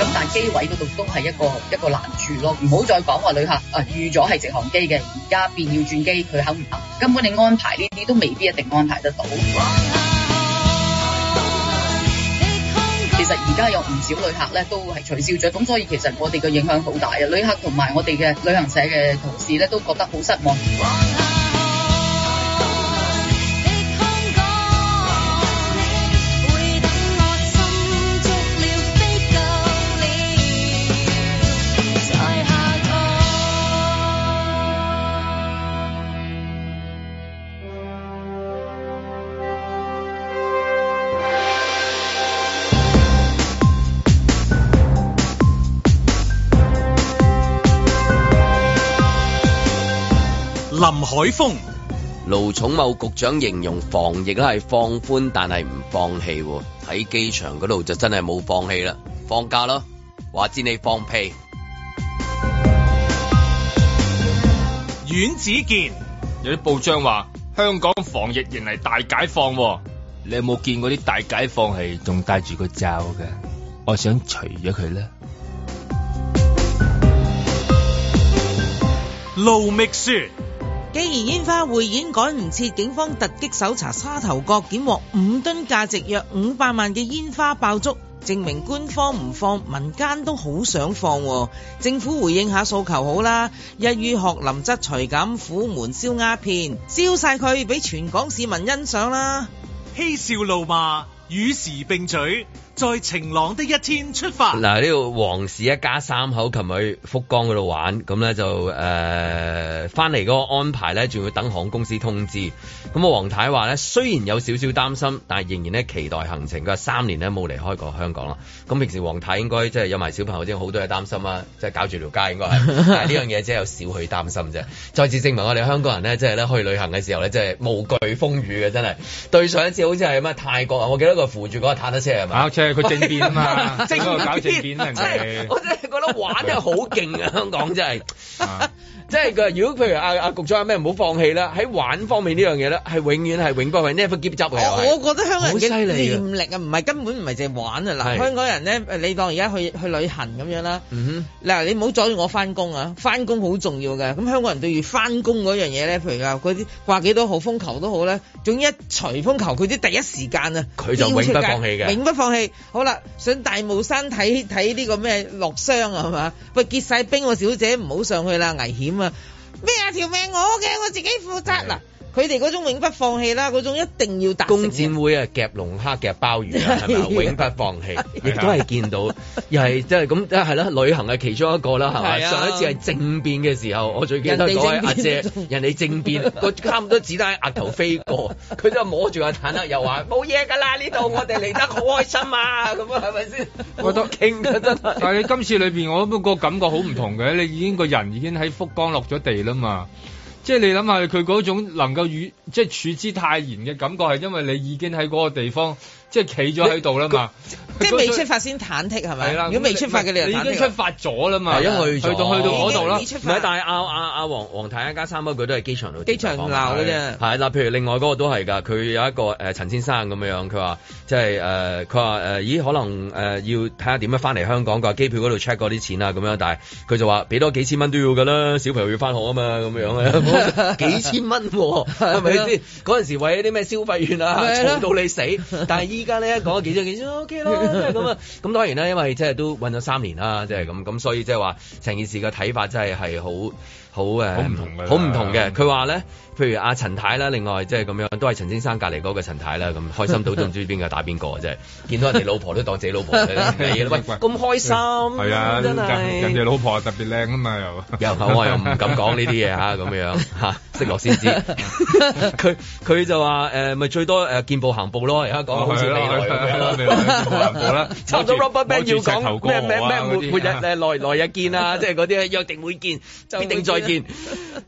咁但係機位嗰度都係一個一個難處咯，唔好再講話旅客誒預咗係直航機嘅，而家變要轉機，佢肯唔肯？根本你安排呢啲都未必一定安排得到。其實而家有唔少旅客咧都係取消咗，咁所以其實我哋嘅影響好大啊！旅客同埋我哋嘅旅行社嘅同事咧都覺得好失望。林海峰，盧寵茂局長形容防疫係放寬，但係唔放棄，喺機場嗰度就真係冇放棄啦，放假咯，話知你放屁。阮子健，有啲報章話香港防疫仍係大解放，你有冇見過嗰啲大解放係仲戴住個罩嘅？我想除咗佢咧。盧覓雪。既然煙花匯演趕唔切，警方突擊搜查沙頭角檢獲，檢獲五噸價值約五百萬嘅煙花爆竹，證明官方唔放，民間都好想放。政府回應下訴求好啦，一於學林則徐咁虎門燒鴉片，燒晒佢俾全港市民欣賞啦！嬉笑怒罵，與時並舉。在晴朗的一天出發。嗱呢度黃氏一家三口琴日去福岡嗰度玩，咁咧就誒翻嚟個安排咧，仲要等航空公司通知。咁啊，黃太話咧，雖然有少少擔心，但係仍然咧期待行程。佢話三年咧冇離開過香港啦。咁平時黃太應該即係有埋小朋友之後好多嘢擔心啦。即係搞住條街應該係。 但係呢樣嘢只有少許擔心啫。再次證明我哋香港人咧，即係咧去旅行嘅時候咧，即係無懼風雨嘅，真係。對上一次好似係咩泰國啊，我記得佢扶住嗰個坦克車係咪？誒佢政變啊嘛，即係喂佢搞政變啦，係變。家我真係覺得玩得好勁啊， 香港真係。 即係佢，如果譬如阿阿、啊啊啊、局長阿咩唔好放棄啦，喺玩方面呢樣嘢咧，係永遠係永不過嚟 never give up 嚟。我我覺得香港人嘅念力啊，好犀利，唔係根本唔係淨係玩啊。嗱，是 香港人咧，你當而家去去旅行咁樣啦。嗱、嗯哼，你唔好阻住我翻工啊！翻工好重要嘅。咁香港人對於翻工嗰樣嘢咧，譬如啊嗰啲掛幾多號風球都好咧，總之一除風球，佢啲第一時間啊，佢就永不放棄嘅，永不放棄，永不放棄。好啦，上大帽山睇睇呢個咩落霜啊，係嘛？喂，結晒冰喎，小姐唔好上去啦，危險。咩啊？條命我嘅，我自己負責啦。Okay. 佢哋嗰種永不放棄啦，嗰種一定要打。工展會啊，夾龍蝦、夾鮑魚，係嘛？永不放棄，亦都係見到，又係即係咁，係咯？旅行係其中一個啦，係嘛？上一次係政變嘅時候，我最記得嗰位阿姐，人哋政變個差唔多子彈喺額頭飛過，佢都係摸住個坦克，又話冇嘢㗎啦，呢度我哋嚟得好開心啊，咁啊，係咪先？覺得勁嘅真係。但係今次裏邊，我個感覺好唔同嘅，你已經個人已經喺福岡落咗地啦嘛。即係你諗下，佢嗰種能夠與即係處之泰然嘅感覺，係因為你已經喺嗰個地方。即係企咗喺度啦嘛，即係未出發先忐忑係咪？如果未出發嘅你又，已經出發咗啦嘛，一去去到去到嗰度啦，唔係但係阿阿阿王王太一家三口佢都係機場度，機場鬧㗎啫，係啦，譬如另外嗰個都係㗎，佢有一個誒陳先生咁樣，佢話即係誒佢話誒，咦可能誒要睇下點樣翻嚟香港㗎，機票嗰度 check 嗰啲錢啊咁樣，但係佢就話俾多幾千蚊都要㗎啦，小朋友要翻學啊嘛咁樣啊，幾千蚊係咪先？嗰陣時為咗啲咩消費券啊，吵到你死，但係而家你一講幾千幾千都 OK 啦，咁啊咁當然啦，因為即係都揾咗三年啦，即係咁咁，所以即係話，成件事嘅睇法真係係好。好誒，好唔同嘅。佢話咧，譬如阿陳太啦，另外即係咁樣，都係陳先生隔離嗰個陳太啦。咁開心到都唔知邊個打邊個，即係見到人哋老婆都當自己老婆啦。咁開心，係啊，人哋老婆特別靚啊嘛，又又我又唔敢講呢啲嘢咁樣，吓識落先知。佢佢就話誒，咪最多誒見步行步咯。而家講好似未啦，見步行步啦。rubber band 要講每日誒來來日見啊，即係嗰啲約定會見就見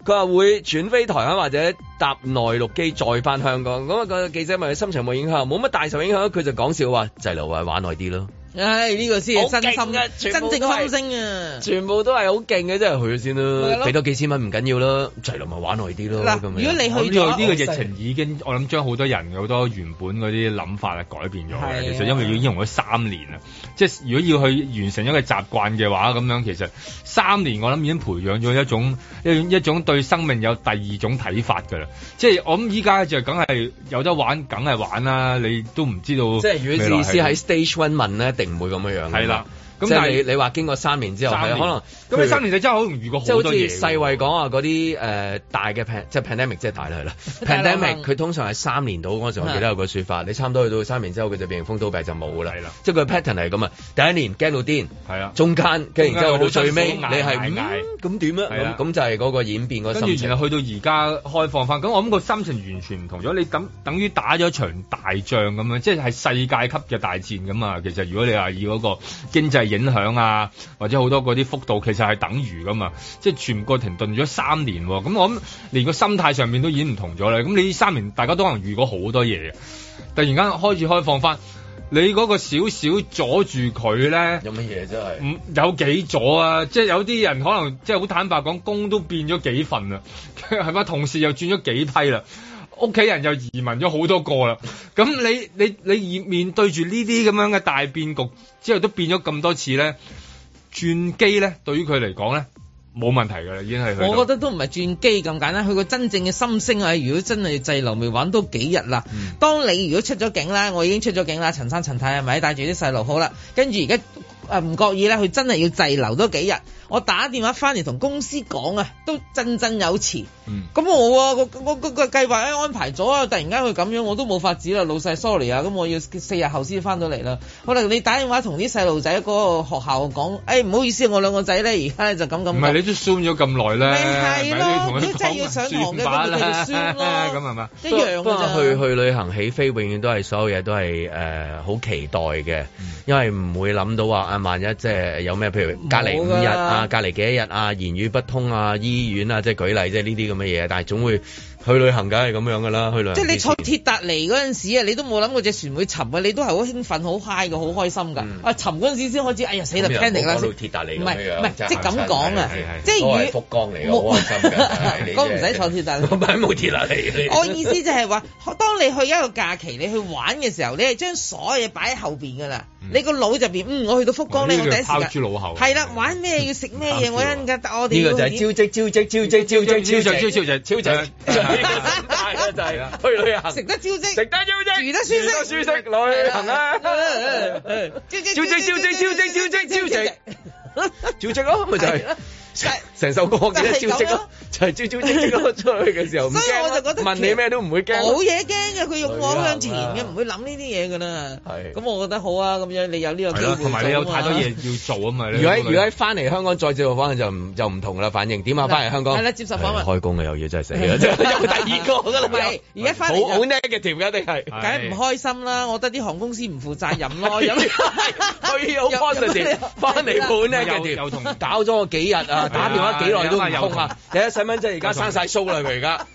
佢話會轉飛台灣或者搭內陸機再翻香港，咁、那、啊個記者問佢心情有冇影響，冇乜大受影響。佢就講笑話就留喺玩耐啲咯。唉，呢、呢個先係真心，真正心聲啊！全部都係好勁嘅，即係去咗先啦。俾多幾千蚊唔緊要啦，就係咪埋玩耐啲咯。的樣如果你去呢、這個呢西個疫情已經，我諗將好多人好多原本嗰啲諗法啊改變咗的其實因為已經用咗三年啊，是的即係如果要去完成一個習慣嘅話，咁樣其實三年我諗已經培養咗一種一一種對生命有第二種睇法㗎啦。即係我諗依家就梗係有得玩，梗係玩啦。你都唔知道是。即係如果意思喺 stage one 問呢。唔會咁樣樣係啦。咁即係你話話經過三年之後，可能咁三年就真係好容易過，就好多嘢。世衛講話嗰啲誒大嘅即係 pandemic，即係大啦，係啦。pandemic 佢通常係三年到嗰陣，我記得有個說法，你差唔多去到三年之後，佢就變成風土病就冇啦。即係佢 pattern 係咁啊。第一年驚到癲，係啊，中間驚完之後到最尾，你係捱咁點啊？咁就係嗰個演變個。跟住然後去到而家開放翻，咁我諗個心情完全唔同咗。你咁等於打咗場大仗咁樣，即係係世界級嘅大戰咁啊。其實如果你話以嗰個經濟，影響啊，或者好多嗰啲幅度，其實係等於噶嘛，即係全個停頓咗三年，咁、嗯、我諗連個心態上面都已經唔同咗啦。咁、嗯、呢三年，大家都可能遇過好多嘢，突然間開始開放翻，你嗰個少少阻住佢咧，有乜嘢真係？有幾阻啊？即係有啲人可能即係好坦白講，工都變咗幾份啦，係咪？同事又轉咗幾批啦。屋企人又移民咗好多個啦，咁你你你而面對住呢啲咁樣嘅大變局之後都變咗咁多次咧，轉機咧對於佢嚟講咧冇問題㗎啦，已經係。我覺得都唔係轉機咁簡單，佢個真正嘅心聲啊！如果真係滯留未玩，多幾日啦，嗯、當你如果出咗境啦，我已經出咗境啦，陳生陳太係咪帶住啲細路好啦，跟住而家。誒唔覺意咧，佢真係要滯留多幾日。我打電話翻嚟同公司講、嗯、啊，都振振有詞。咁我我我嗰個計劃安排咗啊！突然間佢咁樣，我都冇法子啦，老細，sorry 啊！咁、啊、我要四日後先翻到嚟啦。可能、啊、你打電話同啲細路仔嗰個學校講，誒、哎、唔好意思，我兩個仔咧而家就咁咁。唔係你都 zoom 咗咁耐咧，係咯，都真係要上學嘅嗰咁係嘛？一樣就去去旅行起飛，永遠都係所有嘢都係誒好期待嘅，因為唔會諗到話。萬一即係有咩，譬如隔離五日啊，隔離幾多日啊，言語不通啊，醫院啊，即係舉例，即係呢啲咁嘅嘢。但係總會去旅行，梗係咁樣㗎啦。去旅行即係你坐鐵達尼嗰陣時啊，你都冇諗過隻船會沉啊，你都係好興奮、好 high 嘅、好開心㗎。啊，沉嗰陣時先開始，哎呀死啦 panic 啦！坐到鐵達尼咁樣，唔係即係咁講啊，即係與福江嚟嘅，開心嘅。我唔使坐鐵達尼。我意思就係話，當你去一個假期，你去玩嘅時候，你係將所有嘢擺喺後面㗎啦。你個腦入邊，嗯，我去到福岡咧，第一時間係啦，玩咩，要食咩嘢，我一陣間得我哋呢個就係超值超值超值超值超值超值就係超值就係去旅行，食得超值，食得超值，住得舒適，舒適，旅行啦，超值，超值，超值，超值，超值，超值，超值咯，咪就係。成首歌即係招積咯，就係招招積積咯出去嘅時候，所以我就覺得問你咩都唔會驚，冇嘢驚嘅，佢勇往向前嘅，唔會諗呢啲嘢噶啦。係，咁我覺得好啊，咁樣你有呢個機會，同埋你有太多嘢要做啊嘛。如果如果翻嚟香港再接受訪問就唔就唔同啦，反應點啊？翻嚟香港，係啦，接受訪問，開工啊，有嘢真係死啊！真係有第二個啦，唔係而家翻嚟好好叻嘅條友，一定係梗唔開心啦！我覺得啲航空公司唔負責任咯，佢有翻嚟時翻嚟本叻嘅條，又又同搞咗我幾日啊！打電話幾耐都有啊！你啲細蚊仔而家生曬須啦，佢而家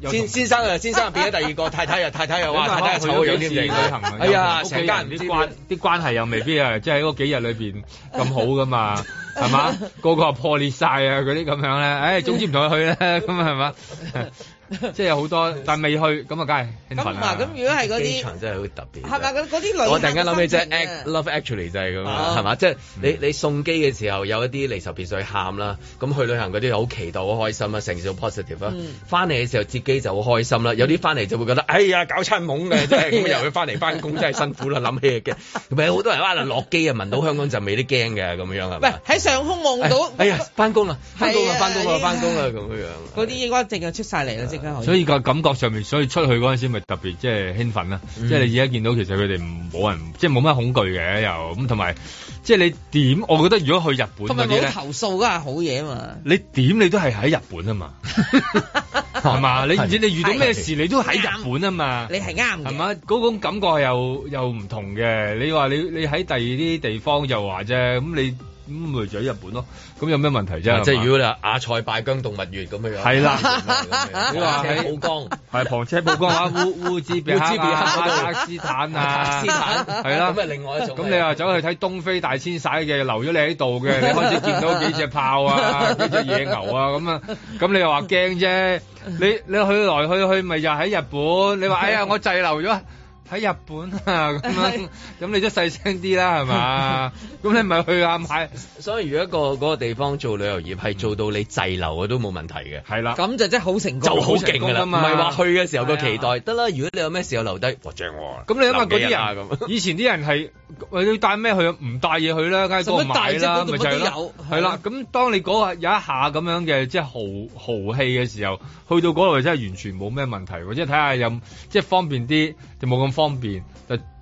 又先先生啊，先生變咗第二個太太啊，太太又話太太又醜點行。哎呀，成行家人啲關啲關係又未必啊，即係喺嗰幾日裏邊咁好噶嘛，係嘛？ 個個破裂晒啊，嗰啲咁樣咧，唉、哎，總之唔同佢去啦，咁係嘛？ 即係有好多，但未去咁啊，梗係羣咁。如果係嗰啲真係好特別，係咪啲我突然間諗起即係 Love Actually 就係咁樣，係嘛？即係你你送機嘅時候有一啲離愁別緒喊啦，咁去旅行嗰啲好期待、好開心啊，成日 positive 啦。翻嚟嘅時候接機就好開心啦，有啲翻嚟就會覺得哎呀搞餐懵嘅，真係咁又去翻嚟翻工真係辛苦啦。諗起嘅咪好多人可能落機啊，聞到香港就未啲驚嘅咁樣係咪？喺上空望到哎呀翻工啦翻工啊，翻工翻工咁樣。嗰啲應該淨係出晒嚟以所以個感覺上面，所以出去嗰陣時咪特別即係、就是、興奮啦。嗯、即係你而家見到，其實佢哋冇人，即係冇乜恐懼嘅又咁，同埋即係你點？我覺得如果去日本，同埋冇投訴都，梗係好嘢嘛。你點你都係喺日本啊嘛，係嘛？你唔知的你遇到咩事，的你都喺日本啊嘛。你係啱，係嘛？嗰種感覺又又唔同嘅。你話你你喺第二啲地方就話啫，咁你。咁嚟咗日本咯，咁有咩問題啫？即係如果啦，亞塞拜疆動物園咁樣，係啦，你話喺曝光，係旁車曝光話污污黴黑，烏茲別克斯坦啊，烏茲別克斯坦，係啦，咁咪另外一種。咁你話走去睇東非大遷徙嘅，留咗你喺度嘅，你開始見到幾隻豹啊，幾隻野牛啊，咁啊，咁你又話驚啫？你你去來去去咪又喺日本？你話哎呀，我滯留咗。喺日本啊咁樣，咁你都細聲啲啦係嘛？咁你咪去啊買。所以如果個嗰地方做旅遊業係做到你滯留嘅都冇問題嘅。係啦，咁就即係好成功，就好勁啦嘛。唔係話去嘅時候個期待得啦。如果你有咩時候留低，哇正啊。咁你諗下嗰啲人咁，以前啲人係你帶咩去，唔帶嘢去啦，梗係嗰度買啦，咪就有。係啦，咁當你嗰日有一下咁樣嘅即係豪豪氣嘅時候，去到嗰度真係完全冇咩問題喎。即係睇下有即係方便啲，就冇咁。方便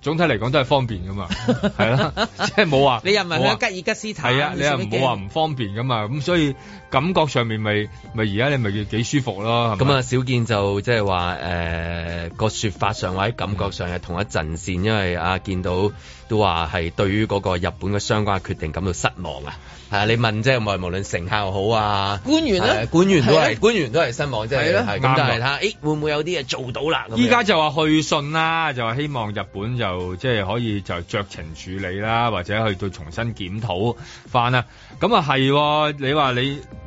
總體嚟講都係方便噶嘛，係咯， 即係冇話。你又唔係吉爾吉斯斯坦？係啊，你又冇好話唔方便噶嘛。咁、嗯、所以感覺上面咪咪而家你咪幾舒服咯。咁啊，小健就即係話誒個説法上或者感覺上係同一陣線，因為啊，見到都話係對於嗰個日本嘅相關決定感到失望啊。係啊，你問即係無論無論成效好啊，官員咧，官員都係官員都係失望，即係咁，但係嚇誒會唔會有啲嘢做到啦？依家就話去信啦，就話希望日本就。就即係可以就酌情處理啦，或者去到重新檢討翻啦。咁啊係，你話你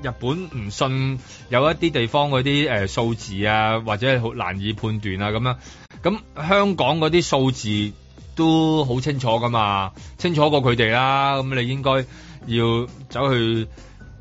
日本唔信有一啲地方嗰啲誒數字啊，或者好難以判斷啊咁樣。咁香港嗰啲數字都好清楚噶嘛，清楚過佢哋啦。咁你應該要走去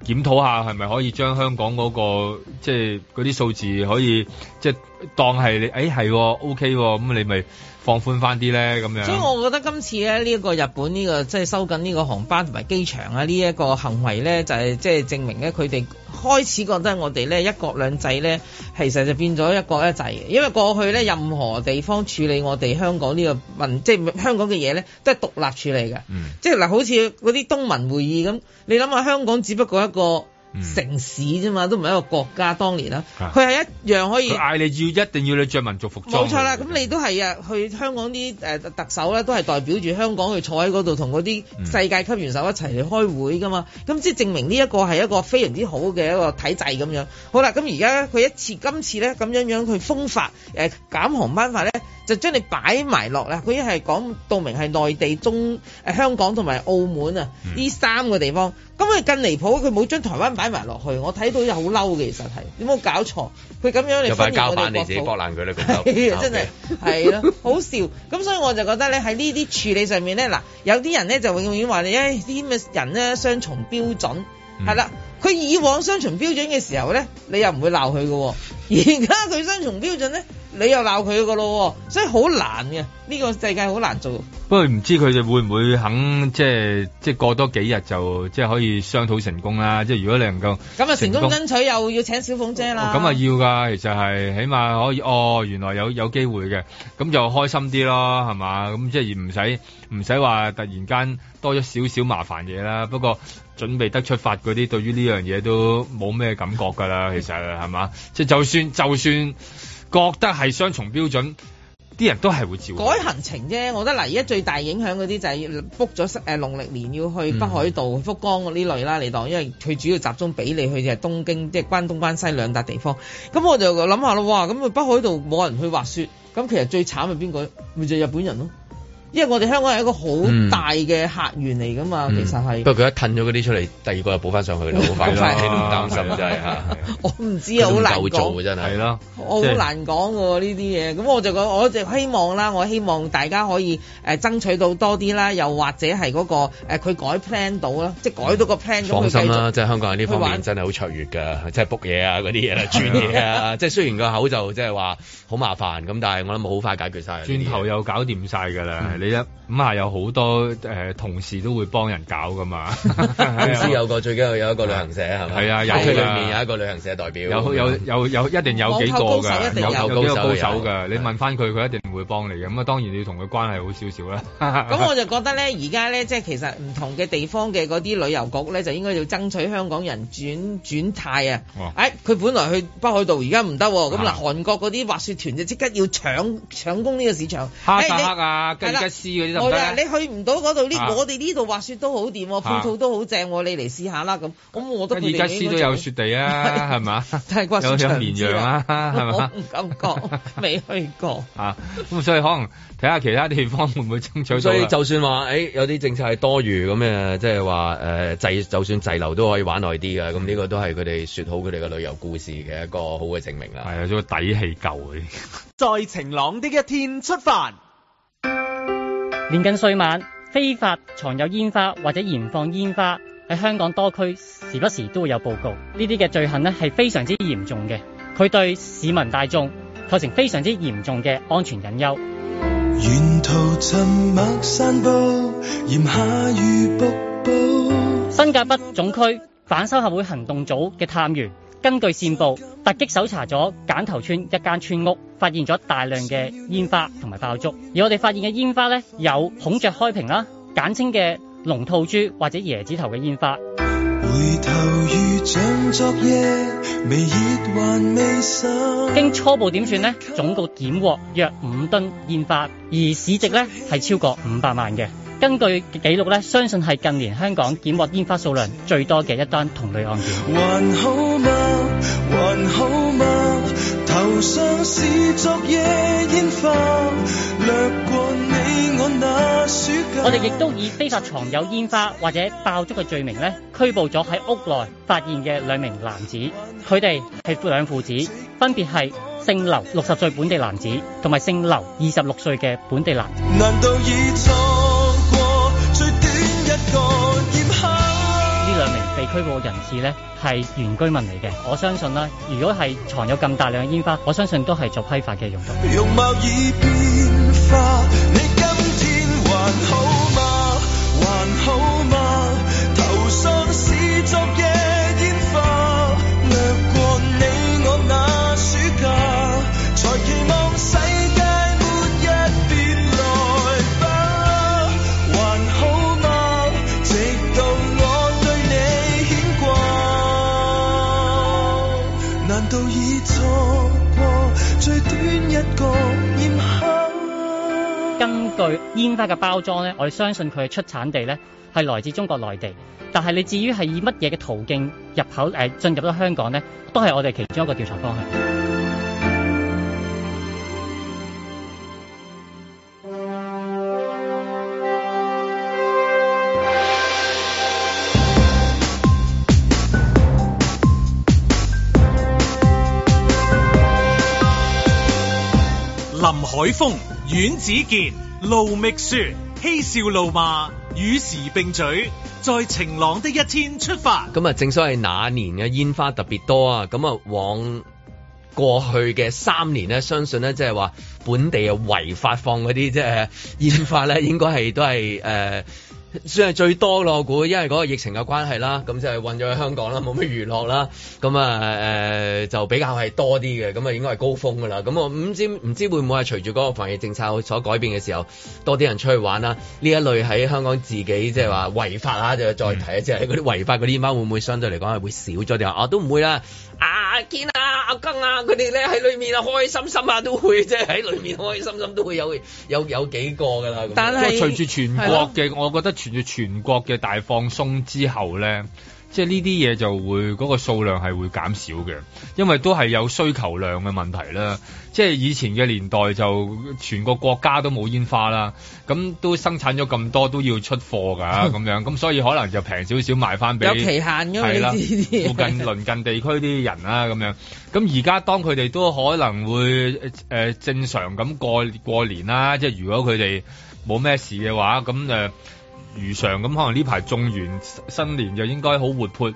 檢討下，係咪可以將香港嗰個即係嗰啲數字可以即係當係你誒係 OK 咁，你咪。放寬翻啲咧，咁樣。所以，我覺得今次咧，呢一個日本呢個即係收緊呢個航班同埋機場啊，呢一個行為咧，就係即係證明咧，佢哋開始覺得我哋咧一國兩制咧，其實就變咗一國一制嘅。因為過去咧，任何地方處理我哋香港呢個問即係香港嘅嘢咧，都係獨立處理嘅。嗯。即係嗱，好似嗰啲東盟會議咁，你諗下香港只不過一個。嗯、城市啫嘛，都唔係一個國家。當年啦，佢係、啊、一樣可以嗌你要一定要你着民族服裝。冇錯啦，咁你都係啊，去香港啲、呃、特首咧，都係代表住香港去坐喺嗰度，同嗰啲世界級元首一齊嚟開會噶嘛。咁、嗯、即係證明呢一個係一個非常之好嘅一個體制咁樣。好啦，咁而家咧，佢一次今次咧，咁樣樣，佢風發誒減航班法咧。呃就將你擺埋落啦，佢係講到明係內地中、中、啊、香港同埋澳門啊，呢、嗯、三個地方。咁佢更離譜，佢冇將台灣擺埋落去。我睇到又好嬲嘅，其實係你冇搞錯，佢咁樣你。就塊膠板你自己搏爛佢咧，咁就真係係咯，好笑。咁 所以我就覺得咧，喺呢啲處理上面咧，嗱，有啲人咧就永遠話你，誒啲嘅人咧雙重標準，係啦。佢、嗯、以往雙重標準嘅時候咧，你又唔會鬧佢嘅。而家佢雙重標準咧。你又鬧佢個咯，所以好難嘅，呢個世界好難做。不過唔知佢哋會唔會肯，即係即係過多幾日就即係可以商討成功啦。即係如果你唔夠，咁啊成功爭取又要請小鳳姐啦。咁啊、哦、要噶，其實係起碼可以哦，原來有有機會嘅，咁就開心啲咯，係嘛？咁即係唔使唔使話突然間多咗少少麻煩嘢啦。不過準備得出發嗰啲，對於呢樣嘢都冇咩感覺噶啦，嗯、其實係嘛？即係就算就算。就算覺得係雙重標準，啲人都係會照改行程啫。我覺得嗱，而家最大影響嗰啲就係 b 咗誒農曆年要去北海道、福岡嗰啲類啦。你當，因為佢主要集中俾你去就係東京，即、就、係、是、關東關西兩笪地方。咁我就諗下啦，哇！咁北海道冇人去滑雪，咁其實最慘係邊個？咪就是、日本人咯。因為我哋香港係一個好大嘅客源嚟噶嘛，其實係不過佢一褪咗嗰啲出嚟，第二個又補翻上去啦，好快，唔擔心。真係我唔知啊，好難講。做真咯，我好難講喎呢啲嘢。咁我就講，我就希望啦，我希望大家可以誒爭取到多啲啦，又或者係嗰個誒佢改 plan 到啦，即係改到個 plan 咗。放心啦，即係香港人呢方面真係好卓越㗎，即係 book 嘢啊嗰啲嘢啦，轉嘢啊，即係雖然個口就即係話好麻煩咁，但係我諗好快解決晒。轉頭又搞掂晒㗎啦。你一咁啊，有好多誒同事都會幫人搞噶嘛。公司有個最緊要有一個旅行社，係咪？係啊，公司裏面有一個旅行社代表。有有有有，一定有幾個嘅，有幾個高手嘅。你問翻佢，佢一定唔會幫你嘅。咁啊，當然你要同佢關係好少少啦。咁我就覺得咧，而家咧即係其實唔同嘅地方嘅嗰啲旅遊局咧，就應該要爭取香港人轉轉態啊！誒，佢本來去北海道，而家唔得喎。咁嗱，韓國嗰啲滑雪團就即刻要搶搶攻呢個市場，黑加黑啊，一絲、啊、你去唔到嗰度呢？啊、我哋呢度滑雪都好掂，配套、啊、都好正，你嚟試下啦咁。我、啊、我都陪你。而家都有雪地啊，係咪 吧？有有綿羊啊，係咪？感唔未去過。啊，咁所以可能睇下其他地方會唔會爭取。所以就算話誒、欸、有啲政策係多餘咁嘅，即係話誒滯，就算滯留都可以玩耐啲嘅。咁呢個都係佢哋説好佢哋嘅旅遊故事嘅一個好嘅證明啦。係啊，所以底氣夠再晴朗啲嘅天出發。年近歲晚，非法藏有煙花或者燃放煙花喺香港多區時不時都會有報告，呢啲嘅罪行呢係非常之嚴重嘅，佢對市民大眾構成非常之嚴重嘅安全隱憂。新界北總區反三合會行動組嘅探員。根據線報，突擊搜查咗簡頭村一間村屋，發現咗大量嘅煙花同埋爆竹。而我哋發現嘅煙花咧，有孔雀開屏啦，簡稱嘅龍吐珠或者椰子頭嘅煙花，頭未還未經初步點算呢，總共檢獲約五噸煙花，而市值咧係超過五百萬嘅。根據記錄咧，相信係近年香港檢獲煙花數量最多嘅一單同類案件。還好我哋亦都以非法藏有煙花或者爆竹嘅罪名呢，拘捕咗喺屋內發現嘅兩名男子，佢哋係兩父子，分別係姓劉六十歲本地男子，同埋姓劉二十六歲嘅本地男。被拘捕人士咧，係原居民嚟嘅，我相信啦。如果係藏有咁大量嘅煙花，我相信都係做批發嘅用途。容貌已變化，你今天還好嗎？根據煙花嘅包裝咧，我哋相信佢嘅出產地咧係來自中國內地。但係你至於係以乜嘢嘅途徑入口誒進入到香港咧，都係我哋其中一個調查方向。林海峰、阮子健、盧覓雪嬉笑怒罵，與時並舉，在晴朗的一天出發。咁啊，正所謂那年嘅煙花特別多啊！咁啊，往過去嘅三年咧，相信咧即係話本地啊，違法放嗰啲即係煙花咧，應該係都係誒。算係最多咯，我估，因為嗰個疫情嘅關係啦，咁就係困咗去香港啦，冇乜娛樂啦，咁啊誒就比較係多啲嘅，咁啊應該係高峰㗎啦。咁我唔知唔知會唔會係隨住嗰個防疫政策所改變嘅時候，多啲人出去玩啦？呢一類喺香港自己即係話違法啊，就再睇一隻，即係嗰啲違法嗰啲貓會唔會相對嚟講係會少咗定啊？都唔會啦。啊，阿堅啊，阿根啊，佢哋咧喺裏面啊，開心心啊，都會即係喺裏面開心心都會有有有幾個噶啦。但係隨住全國嘅，的我覺得隨住全國嘅大放鬆之後咧。即係呢啲嘢就會嗰、嗰個數量係會減少嘅，因為都係有需求量嘅問題啦。即係以前嘅年代就全個國家都冇煙花啦，咁都生產咗咁多都要出貨㗎咁 樣，咁所以可能就平少少賣翻俾有期限㗎嘛呢啲附近鄰近地區啲人啦、啊、咁樣，咁而家當佢哋都可能會、呃、正常咁過,過年啦，即係如果佢哋冇咩事嘅話，咁誒。呃如常咁，可能呢排種完新年就應該好活潑。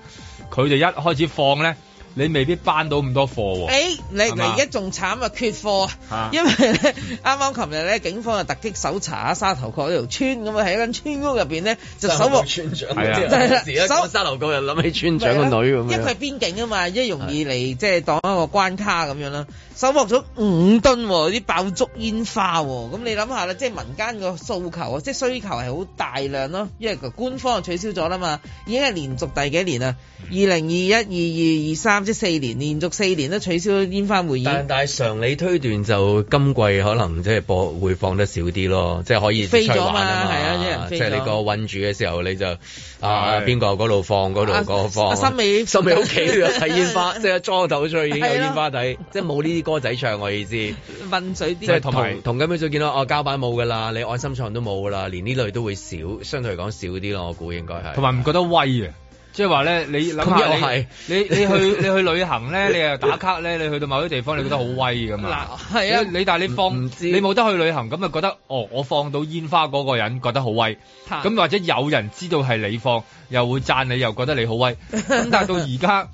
佢哋一開始放咧，你未必班到咁多貨。誒、欸，你吧你而家仲慘啊，缺貨。因為咧，啱啱琴日咧，警方就突擊搜查啊沙頭角呢條村，咁啊喺一間村屋入邊咧就搜獲村長。係 啊，搜沙頭角又諗起村長個女咁、啊就是啊、樣因。因為邊境啊嘛，一容易嚟是即係當一個關卡咁樣啦。收獲咗五噸喎，哦，啲爆竹煙花喎，哦，咁、嗯、你諗下啦，即係民間個訴求啊，即係需求係好大量咯，因為個官方就取消咗啦嘛，已經係連續第幾年啦，二零二一、二二、二三，即係四年，連續四年都取消煙花匯演。但係常理推斷就今季可能即係播會放得少啲咯，即係可以飛咗嘛，係啊，即係你個搵住嘅時候你就啊對 邊個嗰度放嗰度嗰度放。心尾，心尾屋企有睇煙花， 即係裝頭出去已經有煙花睇，了即係冇呢啲。歌仔唱我意思問，問水啲即係同同咁樣就見到？哦，膠板冇噶啦，你愛心唱都冇噶啦，連呢類都會少，相對嚟講少啲咯。我估應該係，同埋唔覺得威嘅，即係話咧，你諗下你也是 你，你去你去旅行咧，你又打卡咧，你去到某啲地方，你覺得好威㗎嘛？係啊的，你但係你放唔知你冇得去旅行，咁就覺得哦，我放到煙花嗰個人覺得好威，咁的或者有人知道係你放，又會讚你，又覺得你好威。咁 但係到而家。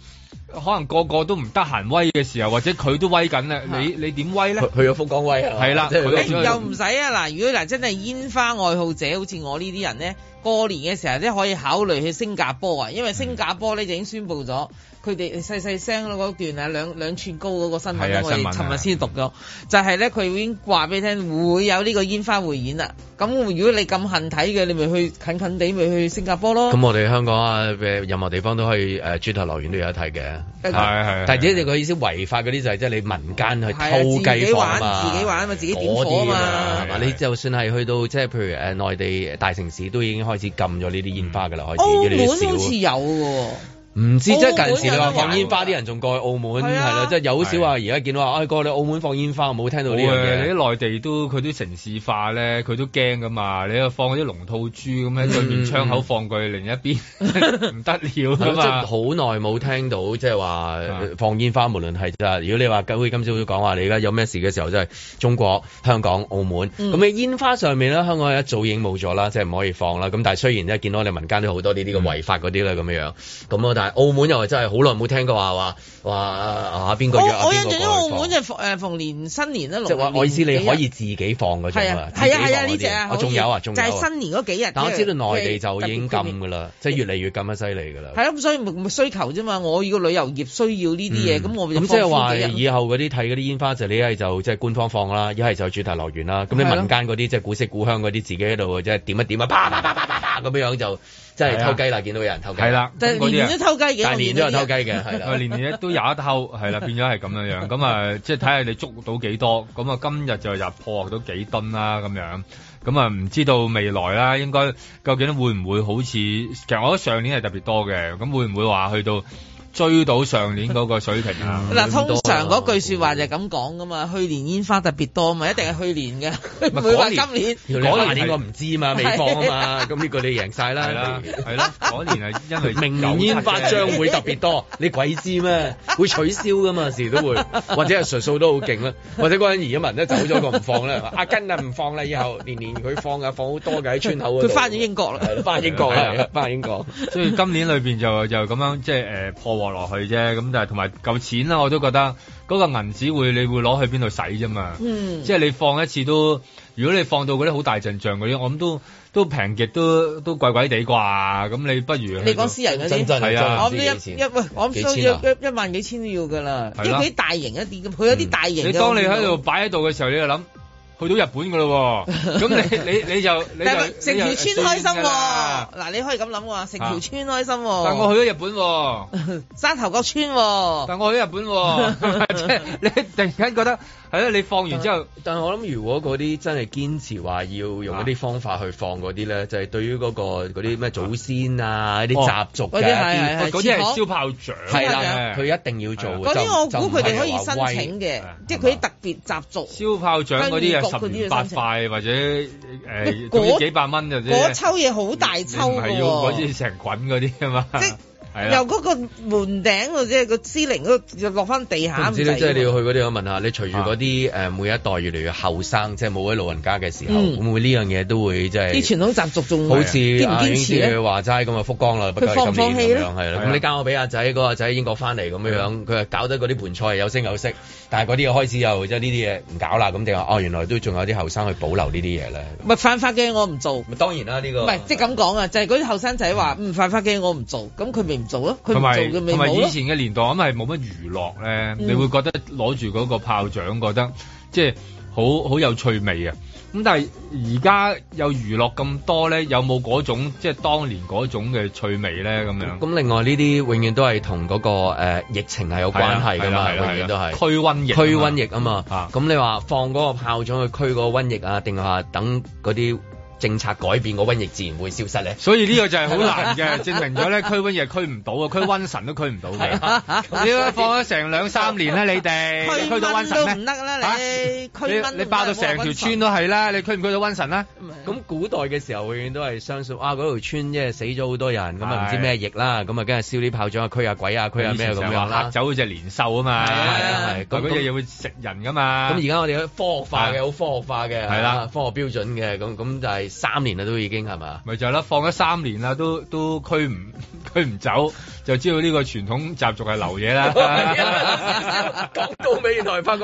可能個個都唔得閒威嘅時候，或者佢都威緊咧，你你點威咧？去咗福岡威啊，係啦，威又唔使啊！嗱、啊，如果嗱真係煙花愛好者，好似我呢啲人咧，過年嘅時候咧可以考慮去新加坡啊，因為新加坡咧就已經宣布咗。佢哋細細聲咯，嗰段啊兩兩吋高嗰個新聞咧，我哋尋日先讀咗，就係咧佢已經話俾你聽會有呢個煙花匯演啦。咁如果你咁恨睇嘅，你咪去近近地，咪去新加坡咯。咁我哋香港啊，任何地方都可以誒主題樂園都有得睇嘅。係係，但係只係個意思違法嗰啲就係即係你民間去偷計放自己玩自己玩嘛，自己點火啊嘛，係嘛？你就算係去到即係譬如誒內地大城市都已經開始禁咗呢啲煙花噶啦，開始好似有唔知即係近時你話放煙花啲人仲過去澳門係啦，即係有少話而家見到話，哎過你澳門放煙花，冇聽到呢樣嘢。你啲內地都佢都城市化咧，佢都驚噶嘛。你又放嗰啲龍吐珠咁喺對面窗口放過去另一邊唔得了。咁就好耐冇聽到即係話放煙花，無論係如果你話會今朝講話你而家有咩事嘅時候，即係中國香港澳門咁喺煙花上面咧，香港一早已冇咗啦，即係唔可以放啦。咁但係雖然咧見到我哋民間都好多呢啲嘅違法嗰啲啦咁樣咁但澳門又真係好耐冇聽過話，話話邊個？我我哋喺澳門就誒逢年新年咧，即係我意思你可以自己放嘅啫嘛，啊，係啊，呢啲啊。仲有啊，仲有就係新年嗰幾日。但我知道內地就已經禁㗎啦，即係越嚟越咁樣，犀利㗎啦。係啊，咁所以咪需求啫嘛。我如果旅遊業需要呢啲嘢，咁我咁即係話以後嗰啲睇嗰啲煙花就你一係就即係官方放啦，一係就主題樂園啦。咁你民間嗰啲即係古色古香嗰啲，自己喺度即係點一點啊，啪啪啪啪啪咁樣樣就。即係偷雞啦！見到有人偷雞係啦，即係年年都偷雞嘅，年年都係偷雞嘅，係啦，年年都有一偷係啦，變咗係咁樣樣咁啊！即係睇下你捉到幾多咁啊！今日就入破獲到幾噸啦咁樣，咁啊唔知道未來啦，應該究竟會唔會好似其實我覺得上年係特別多嘅，咁會唔會話去到？追到上年嗰個水平啊！嗱，通常嗰句說話就係咁講噶嘛，去年煙花特別多，嘛，一定係去年嘅，唔會話今年。嗰年我唔知嘛，未放嘛，咁呢個你贏曬啦，係啦，係啦，嗰年係因為明年煙花將會特別多，你鬼知咩？會取消噶嘛？時都會，或者係純數都好勁啦，或者嗰陣移民都走咗個唔放啦，阿根啊唔放啦，以後年年佢放啊放好多嘅喺村口。佢翻咗英國啦，翻英國嘅，翻英國。所以今年裏面就就咁樣即係誒破壞。落去啫，咁但係同埋夠錢啦、啊。我都覺得嗰個銀紙會你會攞去邊度使啫嘛。嗯，即係你放一次都，如果你放到嗰啲好大陣仗嗰啲，我諗都都平極都都貴貴地啩。咁你不如你講私人嗰啲係啊，我啲一千一喂，我一萬萬幾千都要㗎啦。即幾、啊、要大型一啲，佢有啲大型。嗯、大型你當你喺度擺喺度嘅時候，你就諗。去到日本嘅咯喎，咁你你你就你就成條村開心喎、啊，嗱你可以咁諗喎，成條村開心喎。但我去咗日本喎， 山頭角村喎。但我去咗日本喎，即 係你突然間覺得。係啊，你放完之後，但係我諗如果嗰啲真係堅持話要用一啲方法去放嗰啲咧，就係對於嗰個嗰啲咩祖先啊啲習俗嘅，嗰啲係燒炮仗，係啦，佢一定要做嘅。嗰啲我估佢哋可以申請嘅，即係佢啲特別習俗。燒炮仗嗰啲啊，十、八塊或者誒，總之幾百蚊就啫。嗰抽嘢好大抽喎，唔係要嗰啲成滾嗰啲啊嘛。由嗰個門頂即係、嗰個司靈嗰、嗰個落翻地下。知即係你要去嗰啲，我問下你隨。隨住嗰啲每一代越嚟越後生，即係冇位老人家嘅時候，嗯、會唔會呢樣嘢都會即係啲傳統習俗仲好似阿英佢話齋咁啊，福光啦，放不夠咁樣啦。咁的你交我俾阿仔，嗰個阿仔英國翻嚟咁樣，佢又搞得嗰啲盤菜有聲有色。但係嗰啲又開始又即係呢啲嘢唔搞啦，咁定話哦原來都仲有啲後生去保留這些東西呢啲嘢咧。唔係犯法嘅我唔做，咪當然啦呢個。唔係即係咁講啊，就係嗰啲後生仔話唔犯法嘅我唔做，咁佢咪唔做咯，佢唔做同埋以前嘅年代咁係冇乜娛樂咧，嗯、你會覺得攞住嗰個炮仗覺得即係。就是好好有趣味啊，咁但係而家有娛樂咁多咧，有冇嗰種即係當年嗰種嘅趣味咧？咁樣。咁另外呢啲永遠都係同嗰個誒疫情係有關係㗎嘛，永遠都係驅瘟疫、驅瘟疫啊嘛。咁你話放嗰個炮仗去驅嗰個瘟疫啊，定係話等嗰啲？政策改變，個瘟疫自然會消失咧。所以呢個就係好難嘅，證明咗咧驅瘟疫係驅唔到啊，驅瘟神都驅唔到嘅。點解放咗成兩三年咧？你哋驅瘟都唔得啦，你你爆到成條村都係啦，你驅唔驅到瘟神啦？咁古代嘅時候永遠都係相信啊，嗰條村即係死咗好多人，咁啊唔知咩疫啦，咁啊梗係燒啲炮仗啊，驅下鬼啊，驅下咩咁樣啦。嚇走嗰隻年獸啊嘛，係啊，嗰啲嘢會食人噶嘛。咁而家我哋科學化嘅，好科學化嘅，係啦，科學標準嘅，咁咁就係。三年啦都已經係嘛？咪就係啦，放咗三年啦，都都驅唔驅唔走。就知道呢個傳統習俗係流嘢啦。講到尾台發覺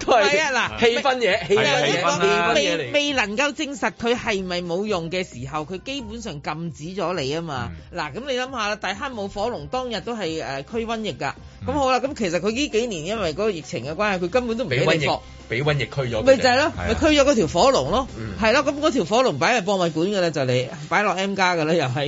都係啊，嗱，氣氛嘢，氣氛嘢未未能夠證實佢係咪冇用嘅時候，佢基本上禁止咗你啊嘛。嗱，咁你諗下啦，大坑舞火龍當日都係誒驅瘟疫㗎。咁好啦，咁其實佢呢幾年因為嗰個疫情嘅關係，佢根本都未俾瘟疫，俾瘟疫驅咗。咪就係咯，咪驅咗嗰條火龍咯，係咯。咁嗰條火龍擺喺博物館嘅啦，就你擺落 M 家㗎啦，又係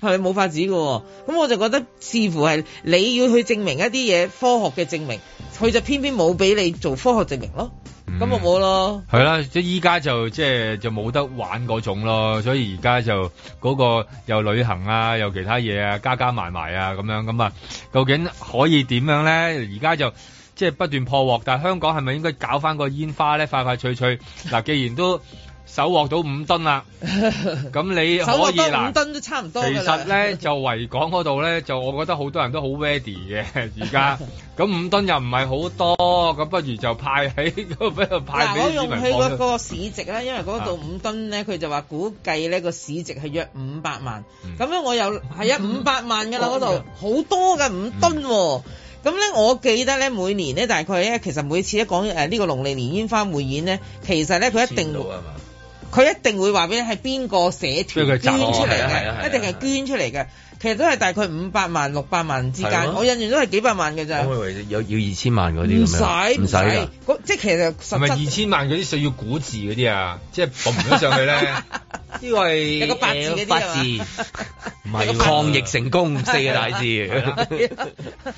要係冇法子嘅。咁我就覺得。似乎係你要去證明一啲嘢科學嘅證明，佢就偏偏冇俾你做科學證明咯。咁咪冇咯。係啦、啊，即係依家就即係就冇得玩嗰種咯。所以而家就嗰、嗰個又旅行啊，又其他嘢啊，加加埋埋啊咁樣咁啊，究竟可以點樣咧？而家就即係不斷破獲，但係香港係咪應該搞翻個煙花咧，快快脆脆嗱？ 既然都。手獲到五噸啦，咁你可以啦 手獲到五噸都差唔多。其實咧就維港嗰度咧，就我覺得好多人都好 ready 嘅而家。咁五 噸又唔係好多，咁不如就派喺，不 如派俾市民放。嗱，我用佢嗰個市值咧，因為嗰度五噸咧，佢就話估計咧個市值係約五百萬。咁樣、嗯、我又係啊，五百萬㗎啦嗰度，好、嗯、多嘅五噸、哦。咁咧、嗯嗯、我記得咧每年咧大概咧，其實每次一講誒呢個農曆年煙花匯演咧，其實咧佢一定。佢一定會話俾你係邊個社團捐出嚟嘅，啊啊啊啊、一定係捐出嚟嘅。其實都係大概五百萬六百萬之間，我印象都係幾百萬嘅咋。有要二千萬嗰啲咁樣。唔使，唔使。即其實係。唔係二千萬嗰啲需要古字嗰啲啊，即係噏唔得上去咧。呢個係一個八字嗰啲唔係。抗疫成功四個大字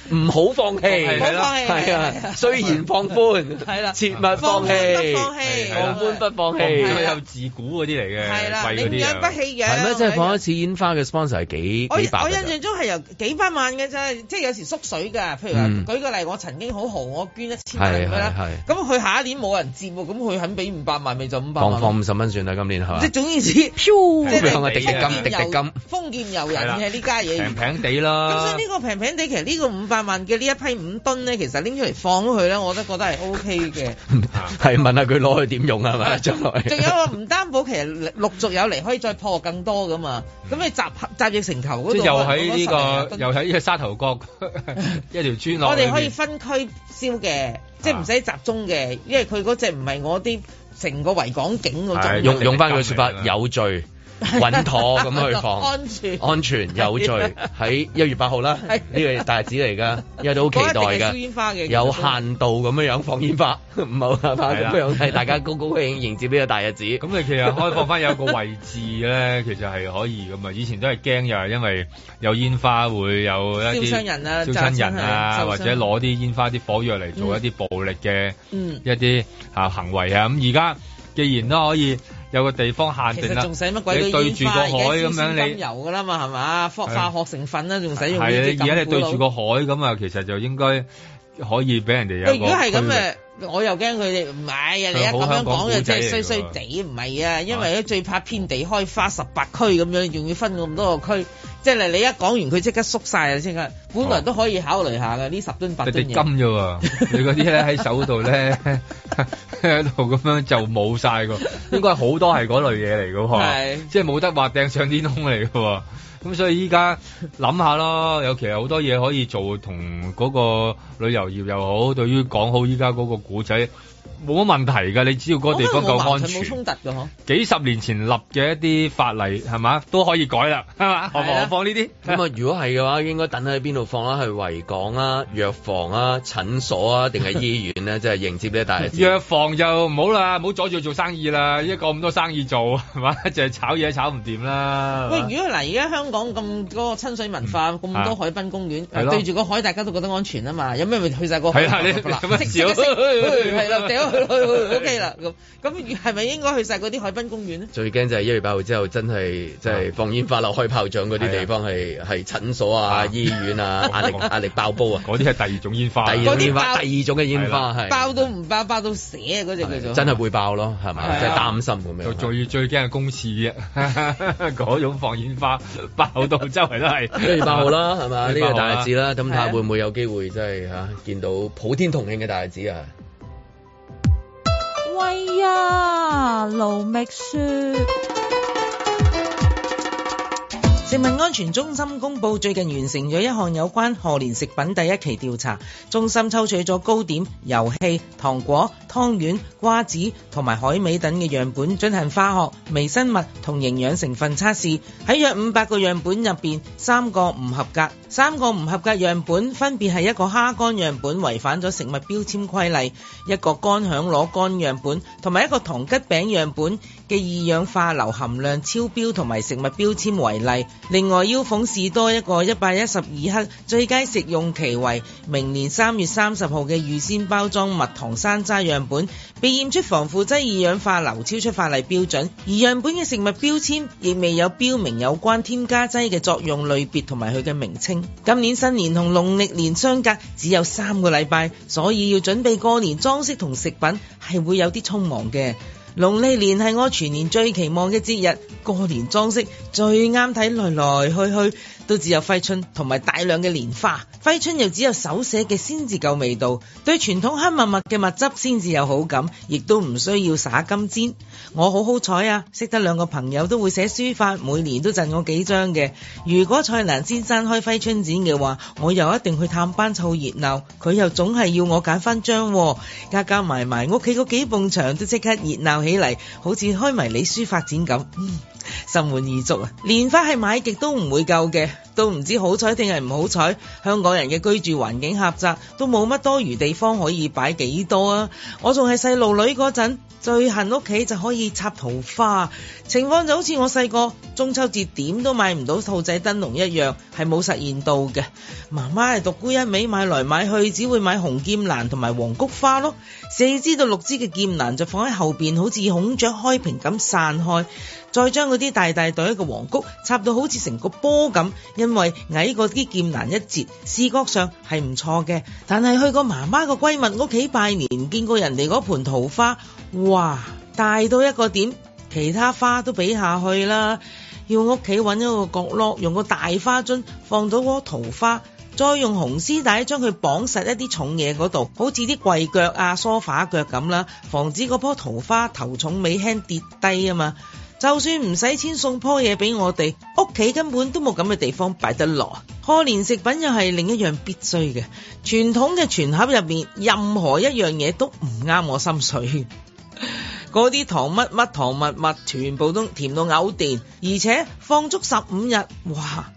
唔好放棄。係啊，雖然放寬。係啦。切勿放棄。放棄。放寬不放棄。咁有自古嗰啲嚟嘅。係啦。寧養不棄養。係即係放一次煙花嘅 sponsor 係幾我印象中係由幾百萬嘅啫，即係有時縮水嘅。譬如話，舉個例，我曾經好豪，我捐一千萬咁樣。咁佢是下一年冇人接喎，咁佢肯俾五百萬咪就五百萬，萬放五十蚊算啦。今年係嘛？即係總言之，即係放個滴滴金，滴滴金，封建遊人嘅呢的的家嘢平平地啦。咁所以呢個平平地，其實呢個五百萬嘅呢一批五噸咧，其實拎出嚟放咗佢咧，我都覺得係 OK 嘅。係 問下佢攞去點用係嘛？仲 有個唔擔保，其實陸續有嚟可以再破更多嘅嘛。咁你集集積成球嗰度。又喺呢個，又喺呢個沙頭角一條村落。 我哋可以分區燒嘅， 即係唔使集中嘅，因為佢嗰隻唔係我啲成個維港景嗰種。用用翻佢嘅説法，有罪。穩妥咁去放， 安全、安全、有序，喺一月八號啦，呢 個大日子嚟噶，因為都好期待嘅，有限度咁樣放煙花，唔好啦，咁樣係大家高高興迎接呢個大日子。咁 你其實開放翻有個位置咧， 其實係可以噶嘛，以前都係驚又因為有煙花會有一啲燒傷人啊、燒親人啊，或者攞啲煙花啲火藥嚟做一啲暴力嘅一啲啊行為啊。咁而家既然都可以。有個地方限定啦，仲使乜鬼你對住個海咁樣，你金油噶啦嘛，係嘛化化學成分啦，仲使用。係你，而家你對住個海咁啊，其實就應該可以俾人哋有個。如果係咁啊，我又驚佢哋唔買啊！你而家咁樣講啊，即係衰衰地唔係啊！因為咧最怕遍地開花十八區咁樣，仲要分咁多個區即係你一講完，佢即刻縮晒啦！先啦，本來都可以考慮下嘅呢、哦、十樽八樽嘢。你金啫喎， 你嗰啲咧喺手度咧，喺度咁樣就冇晒㗎。應該好多係嗰類嘢嚟㗎喎，的即係冇得話掟上天空嚟㗎喎。咁所以依家諗下咯，尤其有其實好多嘢可以做，同嗰個旅遊業又好，對於講好依家嗰個古仔。冇乜問題噶，你知道嗰地方夠安全，冇衝突噶。幾十年前立嘅一啲法例係嘛都可以改啦，係嘛？我放呢啲？咁啊，如果係嘅話，應該等喺邊度放啦？去維港啊、藥房啊、診所啊，定係醫院咧？即係迎接呢啲大隻？藥房就唔好啦，唔好阻住做生意啦。一個咁多生意做，係嘛？淨係炒嘢炒唔掂啦。喂，如果嗱，而家香港咁嗰個親水文化，咁多海濱公園，對住個海，大家都覺得安全啊嘛。有咩會去晒個海？係啦，你 O K 啦，咁係咪應該去曬嗰啲海濱公園呢？最驚就係一月八號之後，真係即係放煙花、開炮仗嗰啲地方，係係診所啊、醫院啊，壓力壓力爆煲啊！嗰啲係第二種煙花，嗰啲煙花第二種嘅煙花係爆都唔爆，爆都死啊！嗰隻叫做真係會爆囉，係咪？真係擔心咁樣。最驚係公廁啊！嗰種放煙花爆到周圍都係一月八號啦，係咪？呢個大日子啦，睇下會唔會有機會即係見到普天同慶嘅大日子啊！喂，呀，盧覓雪。食物安全中心公布，最近完成咗一項有關賀年食品第一期調查。中心抽取咗糕點、油器、糖果、湯圓、瓜子同埋海味等嘅樣本，進行化學、微生物同營養成分測試。喺約五百個樣本入邊，三個唔合格，三個唔合格樣本分別係一個蝦乾樣本違反咗食物標籤規例，一個乾響螺乾樣本同埋一個糖桔餅樣本。嘅二氧化硫含量超標同埋食物標籤為例，另外要諷示多一個一百一十二克，最佳食用期為明年三月三十號嘅預先包裝蜜糖山楂樣本，被驗出防腐劑二氧化硫超出法例標準，而樣本嘅食物標籤亦未有標明有關添加劑嘅作用類別同埋佢嘅名稱。今年新年同農曆年相隔只有三個禮拜，所以要準備過年裝飾同食品係會有啲匆忙嘅。農曆年係我全年最期望嘅節日，過年裝飾最啱睇來來去去。都只有揮春同埋大量嘅蓮花，揮春又只有手寫嘅先至夠味道，對傳統黑墨墨嘅墨汁先至有好感，亦都唔需要灑金箋。我好好彩啊，識得兩個朋友都會寫書法，每年都贈我幾張嘅。如果蔡蘭先生開揮春展嘅話，我又一定去探班湊熱鬧。佢又總係要我揀翻張，加加埋埋屋企嗰幾埲牆都即刻熱鬧起嚟，好似開迷你書法展咁。心滿意足啊！蓮花係買極都唔會夠嘅。都唔知好彩定係唔好彩，香港人嘅居住環境狹窄，都冇乜多餘地方可以擺幾多啊！我仲係細路女嗰陣，最恨屋企就可以插桃花，情況就好似我細個中秋節點都買唔到兔仔燈籠一樣，係冇實現到嘅。媽媽係獨孤一味買來買去，只會買紅劍蘭同埋黃菊花咯。四枝到六枝嘅劍蘭就放喺後邊，好似孔雀開屏咁散開，再將嗰啲大大朵嘅黃菊插到好似成個波咁。因為矮過啲劍蘭一截，視覺上係唔錯嘅。但係去個媽媽個閨蜜屋企拜年，見過人哋嗰盆桃花，哇，大到一個點，其他花都比下去啦。要屋企搵一個角落，用個大花樽放到棵桃花，再用紅絲帶將佢綁實一啲重嘢嗰度，好似啲櫃腳啊、梳化腳咁啦，防止嗰棵桃花頭重尾輕跌低啊嘛。就算唔使錢送樖嘢俾我哋，屋企根本都冇咁嘅地方擺得落。賀年食品又係另一樣必須嘅，傳統嘅全盒入面任何一樣嘢都唔啱我心水，嗰啲糖乜乜糖蜜蜜，全部都甜到嘔電，而且放足十五日，哇，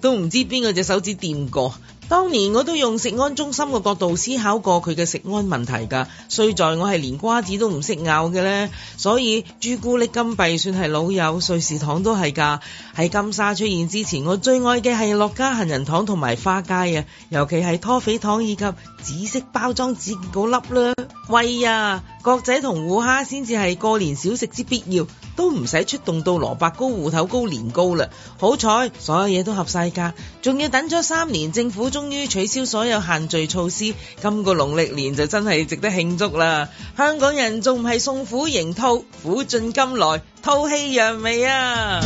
都唔知邊個隻手指掂過。當年我都用食安中心嘅角度思考過佢嘅食安問題噶，雖在我係連瓜子都唔識咬嘅咧，所以朱古力金幣算係老友，瑞士糖都係噶。喺金沙出現之前，我最愛嘅係樂家杏仁糖同埋花街啊，尤其係拖肥糖，以及紫色包裝紙嗰粒啦。喂啊！角仔同芋蝦先至係過年小食之必要，都唔使出動到蘿蔔糕、芋頭糕、年糕啦。好彩所有嘢都合晒價，仲要等咗三年，政府終於取消所有限聚措施，今個農曆年就真係值得慶祝啦！香港人仲唔係送虎迎兔，苦盡甘來，兔氣揚眉啊！